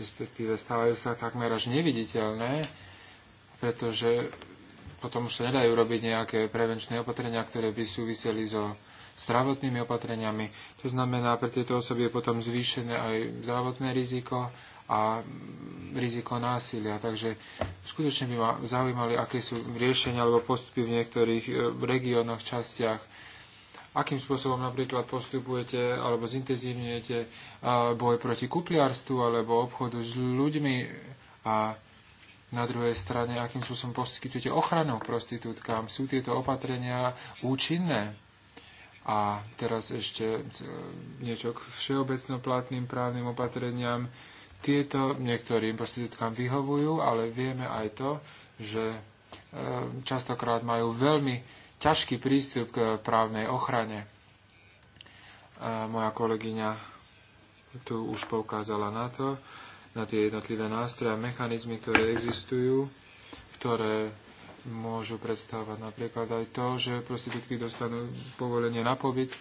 E: respektíve stávajú sa takmer až neviditeľné, pretože potom už sa nedajú robiť nejaké prevenčné opatrenia, ktoré by súviseli so zdravotnými opatreniami. To znamená, pre tieto osoby je potom zvýšené aj zdravotné riziko a riziko násilia. Takže skutočne by ma zaujímali, aké sú riešenia alebo postupy v niektorých eh, regiónoch, častiach akým spôsobom napríklad postupujete alebo zintenzívňujete eh, boj proti kupliarstvu alebo obchodu s ľuďmi a na druhej strane, akým spôsobom poskytujete ochranu prostitútkám. Sú tieto opatrenia účinné? A teraz ešte eh, niečo k všeobecnoplatným právnym opatreniam. Tieto niektorým prostitútkám vyhovujú, ale vieme aj to, že eh, častokrát majú veľmi ťažký prístup k právnej ochrane. E, moja kolegyňa tu už poukázala na to, na tie jednotlivé nástroje a mechanizmy, ktoré existujú, ktoré môžu predstavovať napríklad aj to, že prostitútky dostanú povolenie na pobyt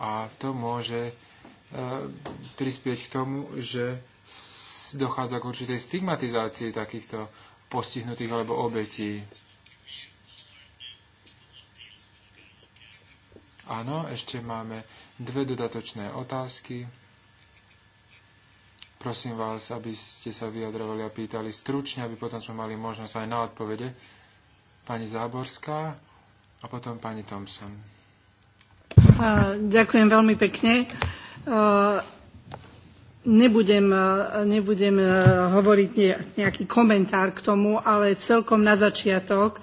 E: a to môže e, prispieť k tomu, že dochádza k určitej stigmatizácii takýchto postihnutých alebo obetí. Áno, ešte máme dve dodatočné otázky. Prosím vás, aby ste sa vyjadrovali a pýtali stručne, aby potom sme mali možnosť aj na odpovede. Pani Záborská a potom pani Thompson.
C: Ďakujem veľmi pekne. Nebudem, nebudem hovoriť nejaký komentár k tomu, ale celkom na začiatok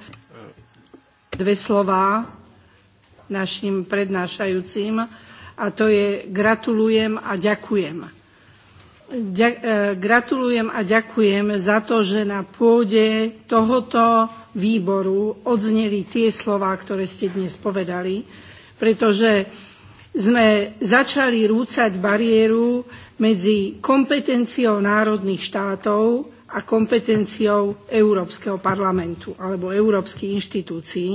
C: dve slova našim prednášajúcim a to je gratulujem a ďakujem. Ďa, e, gratulujem a ďakujem za to, že na pôde tohoto výboru odzneli tie slová, ktoré ste dnes povedali, pretože sme začali rúcať bariéru medzi kompetenciou národných štátov a kompetenciou Európskeho parlamentu alebo európskych inštitúcií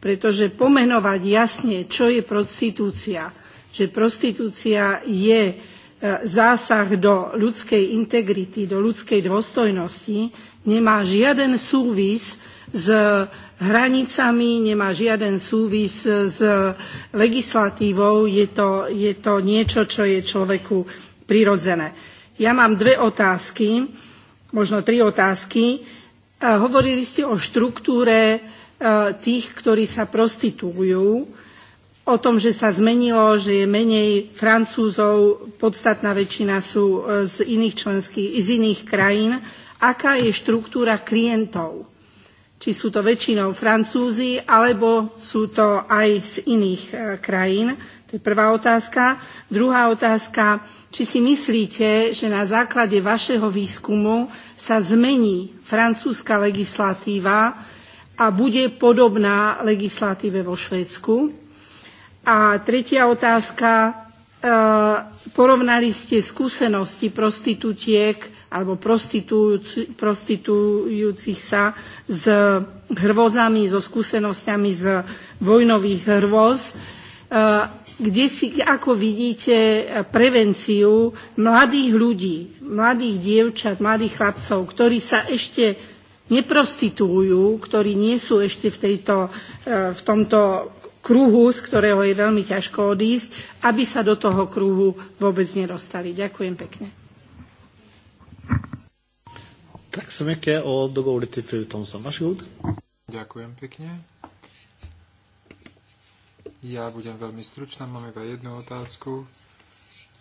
C: pretože pomenovať jasne, čo je prostitúcia, že prostitúcia je e, zásah do ľudskej integrity, do ľudskej dôstojnosti, nemá žiaden súvis s hranicami, nemá žiaden súvis s legislatívou, je to, je to niečo, čo je človeku prirodzené. Ja mám dve otázky, možno tri otázky. E, hovorili ste o štruktúre Eh, tých, ktorí sa prostituujú, o tom, že sa zmenilo, že je menej Francúzov, podstatná väčšina sú eh, z iných, členských, z iných krajín, aká je štruktúra klientov. Či sú to väčšinou Francúzi, alebo sú to aj z iných eh, krajín. To je prvá otázka. Druhá otázka, či si myslíte, že na základe vašeho výskumu sa zmení francúzska legislatíva, a bude podobná legislatíve vo Švédsku? A tretia otázka. E, porovnali ste skúsenosti prostitútiek alebo prostitujúcich sa s hrvozami, so skúsenosťami z vojnových hrvoz e, kde si, ako vidíte, prevenciu mladých ľudí, mladých dievčat, mladých chlapcov, ktorí sa ešte neprostituujú, ktorí nie sú ešte v, tejto, e, v tomto kruhu, z ktorého je veľmi ťažko odísť, aby sa do toho kruhu vôbec nedostali. Ďakujem pekne.
A: Tak som ke o då går tom som fru Thomson.
E: Ďakujem pekne. Ja budem veľmi stručná, mám iba jednu otázku.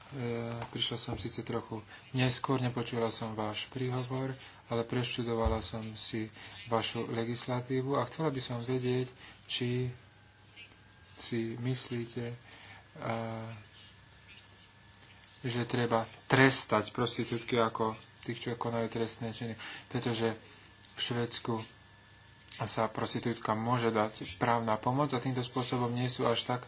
E: E, prišiel som síce trochu neskôr, nepočula som váš príhovor, ale preštudovala som si vašu legislatívu a chcela by som vedieť, či si myslíte, e, že treba trestať prostitútky ako tých, čo konajú trestné činy, pretože v Švedsku sa prostitútka môže dať právna pomoc a týmto spôsobom nie sú až tak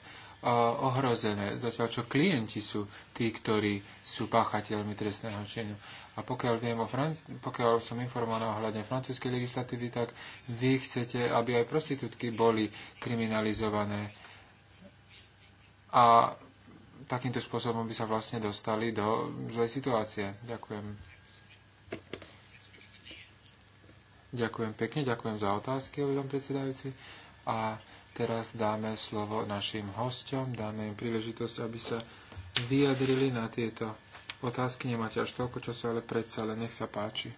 E: ohrozené, zatiaľ čo klienti sú tí, ktorí sú páchateľmi trestného činu. A pokiaľ, viem o Fran- pokiaľ som informovaná ohľadne francúzskej legislatívy, tak vy chcete, aby aj prostitútky boli kriminalizované. A takýmto spôsobom by sa vlastne dostali do zlej situácie. Ďakujem. Ďakujem pekne, ďakujem za otázky, pán predsedajúci. A Teraz dáme slovo našim hostom, dáme im príležitosť, aby sa vyjadrili na tieto otázky. Nemáte až toľko času, ale predsa, ale nech sa páči.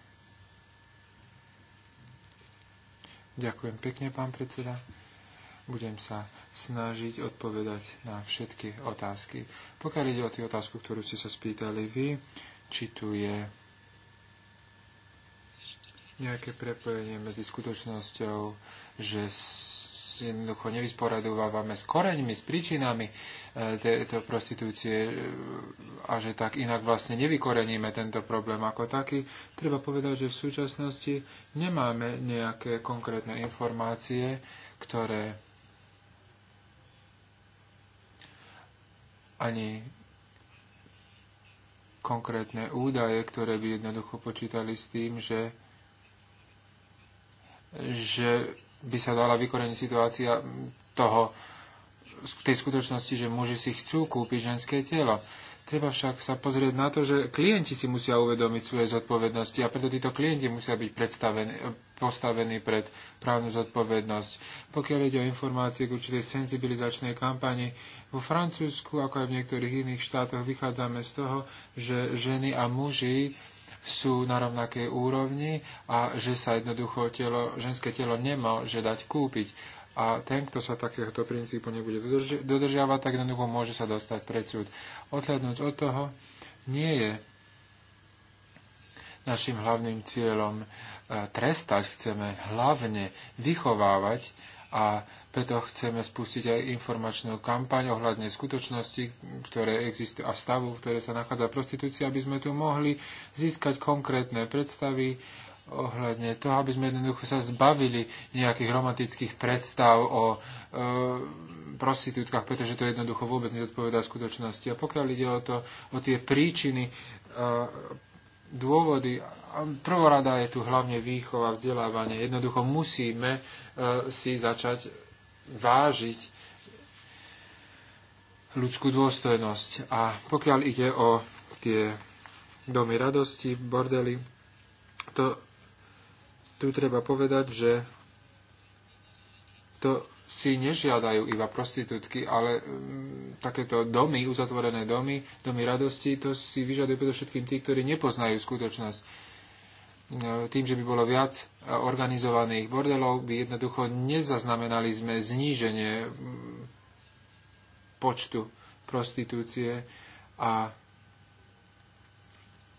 E: Ďakujem pekne, pán predseda. Budem sa snažiť odpovedať na všetky otázky. Pokiaľ ide o tú otázku, ktorú ste sa spýtali vy, či tu je nejaké prepojenie medzi skutočnosťou, že jednoducho nevysporadovávame s koreňmi, s príčinami e, tejto prostitúcie e, a že tak inak vlastne nevykoreníme tento problém ako taký. Treba povedať, že v súčasnosti nemáme nejaké konkrétne informácie, ktoré ani konkrétne údaje, ktoré by jednoducho počítali s tým, že že by sa dala vykoreniť situácia toho, tej skutočnosti, že muži si chcú kúpiť ženské telo. Treba však sa pozrieť na to, že klienti si musia uvedomiť svoje zodpovednosti a preto títo klienti musia byť e, postavení pred právnu zodpovednosť. Pokiaľ ide o informácie k určitej senzibilizačnej kampani, vo Francúzsku, ako aj v niektorých iných štátoch, vychádzame z toho, že ženy a muži sú na rovnakej úrovni a že sa jednoducho telo, ženské telo nemá že dať kúpiť. A ten, kto sa takéhoto princípu nebude dodrži- dodržiavať, tak jednoducho môže sa dostať pred súd. Odhľadnúť od toho, nie je našim hlavným cieľom e, trestať, chceme hlavne vychovávať a preto chceme spustiť aj informačnú kampaň ohľadne skutočnosti, ktoré existujú a stavu, v ktoré sa nachádza prostitúcia, aby sme tu mohli získať konkrétne predstavy ohľadne toho, aby sme jednoducho sa zbavili nejakých romantických predstav o e, prostitútkach, pretože to jednoducho vôbec nezodpovedá skutočnosti. A pokiaľ ide o, to, o tie príčiny, e, dôvody, prvorada je tu hlavne výchova, vzdelávanie. Jednoducho musíme E, si začať vážiť ľudskú dôstojnosť. A pokiaľ ide o tie domy radosti, bordely, to tu treba povedať, že to si nežiadajú iba prostitútky, ale m, mm, takéto domy, uzatvorené domy, domy radosti, to si vyžadujú predovšetkým tí, ktorí nepoznajú skutočnosť E, tým, že by bolo viac e, organizovaných bordelov, by jednoducho nezaznamenali sme zníženie počtu prostitúcie a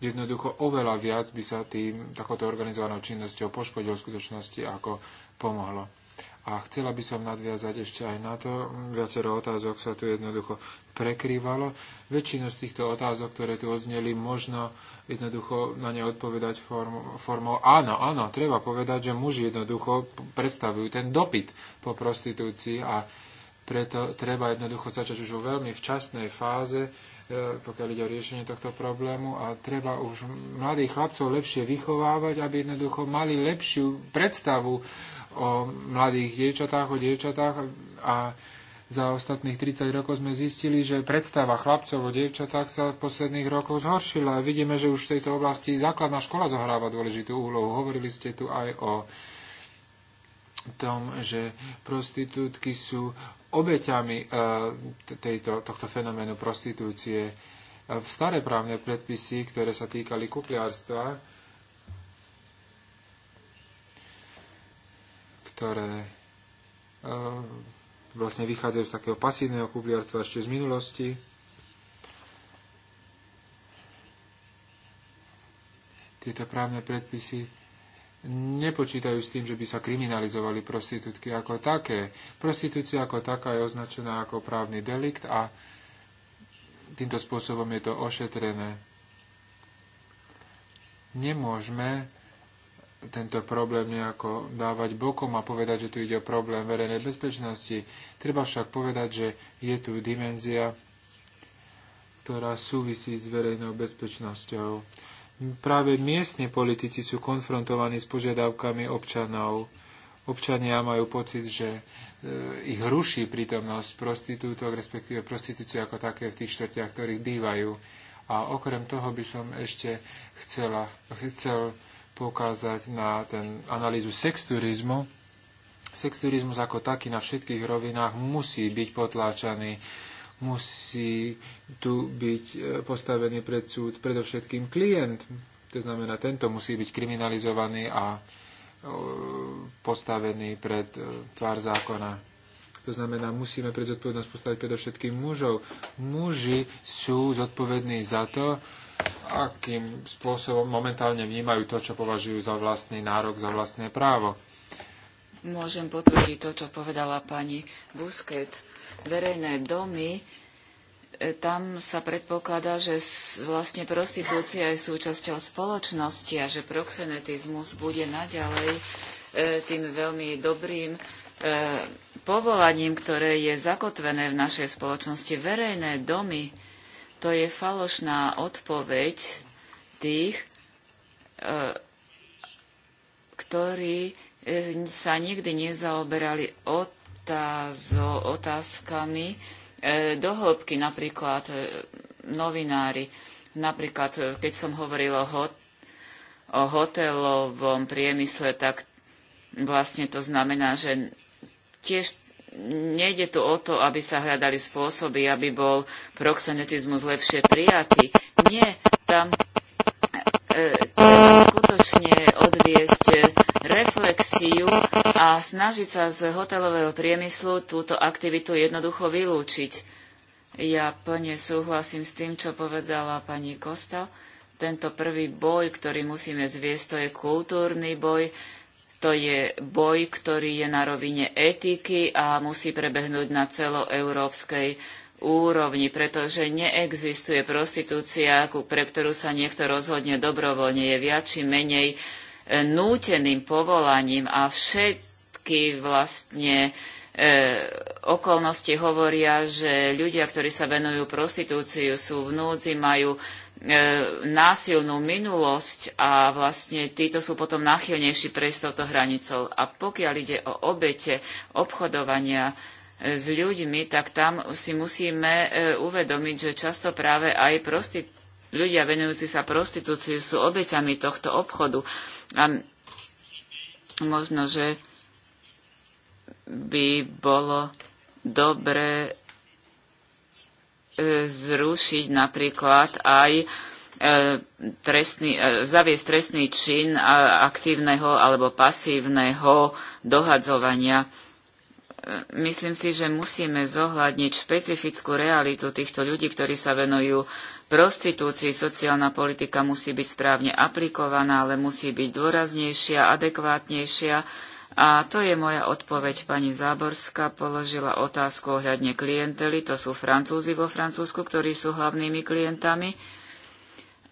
E: jednoducho oveľa viac by sa tým takouto organizovanou činnosťou poškodil v skutočnosti, ako pomohlo. A chcela by som nadviazať ešte aj na to, viacero otázok sa tu jednoducho prekrývalo. Väčšinu z týchto otázok, ktoré tu ozneli, možno jednoducho na ne odpovedať form, formou áno, áno, treba povedať, že muži jednoducho predstavujú ten dopyt po prostitúcii a preto treba jednoducho začať už vo veľmi včasnej fáze, e, pokiaľ ide o riešenie tohto problému a treba už mladých chlapcov lepšie vychovávať, aby jednoducho mali lepšiu predstavu o mladých dievčatách, o dievčatách a za ostatných 30 rokov sme zistili, že predstava chlapcov o dievčatách sa v posledných rokoch zhoršila. Vidíme, že už v tejto oblasti základná škola zohráva dôležitú úlohu. Hovorili ste tu aj o tom, že prostitútky sú obeťami e, tejto, tohto fenoménu prostitúcie. V e, staré právne predpisy, ktoré sa týkali kupliárstva, ktoré eh, vlastne vychádzajú z takého pasívneho kubliarstva ešte z minulosti. Tieto právne predpisy nepočítajú s tým, že by sa kriminalizovali prostitútky ako také. Prostitúcia ako taká je označená ako právny delikt a týmto spôsobom je to ošetrené. Nemôžeme tento problém nejako dávať bokom a povedať, že tu ide o problém verejnej bezpečnosti. Treba však povedať, že je tu dimenzia, ktorá súvisí s verejnou bezpečnosťou. Práve miestni politici sú konfrontovaní s požiadavkami občanov. Občania majú pocit, že e, ich ruší prítomnosť prostitútok, respektíve prostitúcie ako také v tých štvrtiach, ktorých bývajú. A okrem toho by som ešte chcela, chcel poukázať na ten analýzu sexturizmu. Sexturizmus ako taký na všetkých rovinách musí byť potláčaný musí tu byť e, postavený pred súd predovšetkým klient. To znamená, tento musí byť kriminalizovaný a e, postavený pred e, tvár zákona. To znamená, musíme pred zodpovednosť postaviť predovšetkým mužov. Muži sú zodpovední za to, akým spôsobom momentálne vnímajú to, čo považujú za vlastný nárok, za vlastné právo.
D: Môžem potvrdiť to, čo povedala pani Busket. Verejné domy, e, tam sa predpokladá, že vlastne prostitúcia je súčasťou spoločnosti a že proxenetizmus bude naďalej e, tým veľmi dobrým e, povolaním, ktoré je zakotvené v našej spoločnosti. Verejné domy to je falošná odpoveď tých, e, ktorí sa nikdy nezaoberali otázo, otázkami e, do hĺbky, napríklad e, novinári. Napríklad, keď som hovoril o, hot- o hotelovom priemysle, tak vlastne to znamená, že tiež nejde tu o to, aby sa hľadali spôsoby, aby bol proxenetizmus lepšie prijatý. Nie, tam e, treba skutočne odviesť reflexiu a snažiť sa z hotelového priemyslu túto aktivitu jednoducho vylúčiť. Ja plne súhlasím s tým, čo povedala pani Kosta. Tento prvý boj, ktorý musíme zviesť, to je kultúrny boj, to je boj, ktorý je na rovine etiky a musí prebehnúť na celoeurópskej úrovni, pretože neexistuje prostitúcia, pre ktorú sa niekto rozhodne dobrovoľne, je viac či menej e, núteným povolaním a všetky vlastne e, okolnosti hovoria, že ľudia, ktorí sa venujú prostitúciu, sú v núdzi, majú E, násilnú minulosť a vlastne títo sú potom náchylnejší prejsť touto hranicou. A pokiaľ ide o obete obchodovania e, s ľuďmi, tak tam si musíme e, uvedomiť, že často práve aj ľudia venujúci sa prostitúciu sú obeťami tohto obchodu. A možno, že by bolo dobré zrušiť napríklad aj e, trestný, e, zaviesť trestný čin aktívneho alebo pasívneho dohadzovania. E, myslím si, že musíme zohľadniť špecifickú realitu týchto ľudí, ktorí sa venujú prostitúcii. Sociálna politika musí byť správne aplikovaná, ale musí byť dôraznejšia, adekvátnejšia a to je moja odpoveď. Pani Záborská položila otázku ohľadne klientely. To sú Francúzi vo Francúzsku, ktorí sú hlavnými klientami.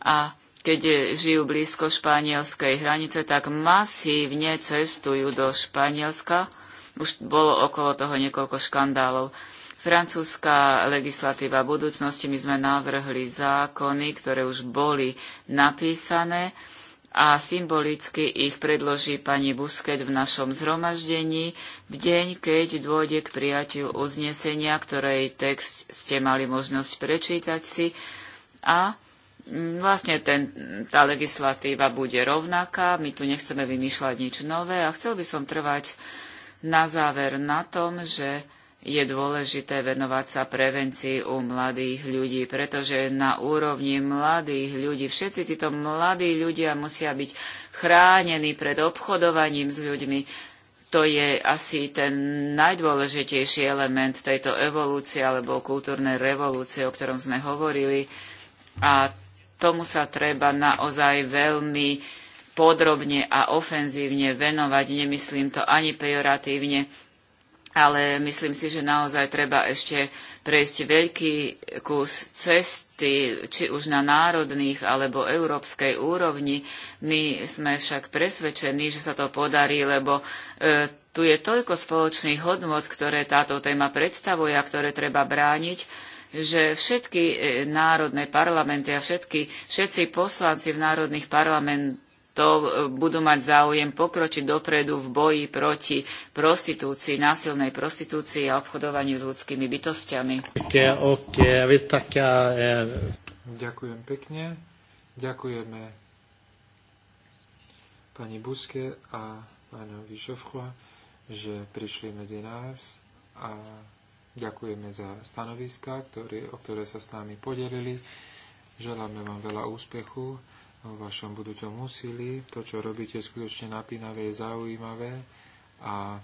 D: A keď žijú blízko španielskej hranice, tak masívne cestujú do Španielska. Už bolo okolo toho niekoľko škandálov. Francúzska legislatíva budúcnosti, my sme navrhli zákony, ktoré už boli napísané a symbolicky ich predloží pani Busket v našom zhromaždení v deň, keď dôjde k prijatiu uznesenia, ktorej text ste mali možnosť prečítať si a mm, vlastne ten, tá legislatíva bude rovnaká, my tu nechceme vymýšľať nič nové a chcel by som trvať na záver na tom, že je dôležité venovať sa prevencii u mladých ľudí, pretože na úrovni mladých ľudí všetci títo mladí ľudia musia byť chránení pred obchodovaním s ľuďmi. To je asi ten najdôležitejší element tejto evolúcie alebo kultúrnej revolúcie, o ktorom sme hovorili. A tomu sa treba naozaj veľmi podrobne a ofenzívne venovať. Nemyslím to ani pejoratívne ale myslím si, že naozaj treba ešte prejsť veľký kus cesty, či už na národných alebo európskej úrovni. My sme však presvedčení, že sa to podarí, lebo e, tu je toľko spoločných hodnot, ktoré táto téma predstavuje a ktoré treba brániť, že všetky e, národné parlamenty a všetky, všetci poslanci v národných parlamentoch to e, budú mať záujem pokročiť dopredu v boji proti prostitúcii, násilnej prostitúcii a obchodovaniu s ľudskými bytostiami.
A: E,
E: Ďakujem pekne. Ďakujeme pani Buske a pánovi Šofchua, že prišli medzi nás a ďakujeme za stanoviska, ktoré, o ktoré sa s nami podelili. Želáme vám veľa úspechu v vašom budúcom úsilí. To, čo robíte, je skutočne napínavé, je zaujímavé a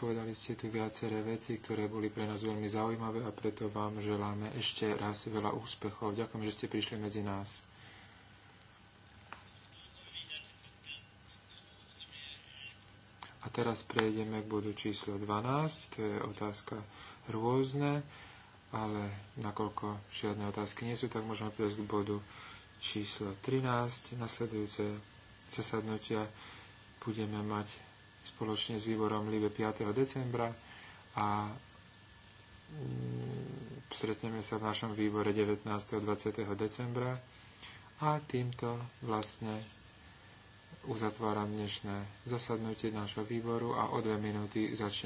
E: povedali ste tu viaceré veci, ktoré boli pre nás veľmi zaujímavé a preto vám želáme ešte raz veľa úspechov. Ďakujem, že ste prišli medzi nás. A teraz prejdeme k bodu číslo 12, to je otázka rôzne ale nakoľko žiadne otázky nie sú, tak môžeme prejsť k bodu číslo 13. Nasledujúce zasadnutia budeme mať spoločne s výborom Libe 5. decembra a mm, stretneme sa v našom výbore 19. a 20. decembra a týmto vlastne uzatváram dnešné zasadnutie nášho výboru a o dve minúty začne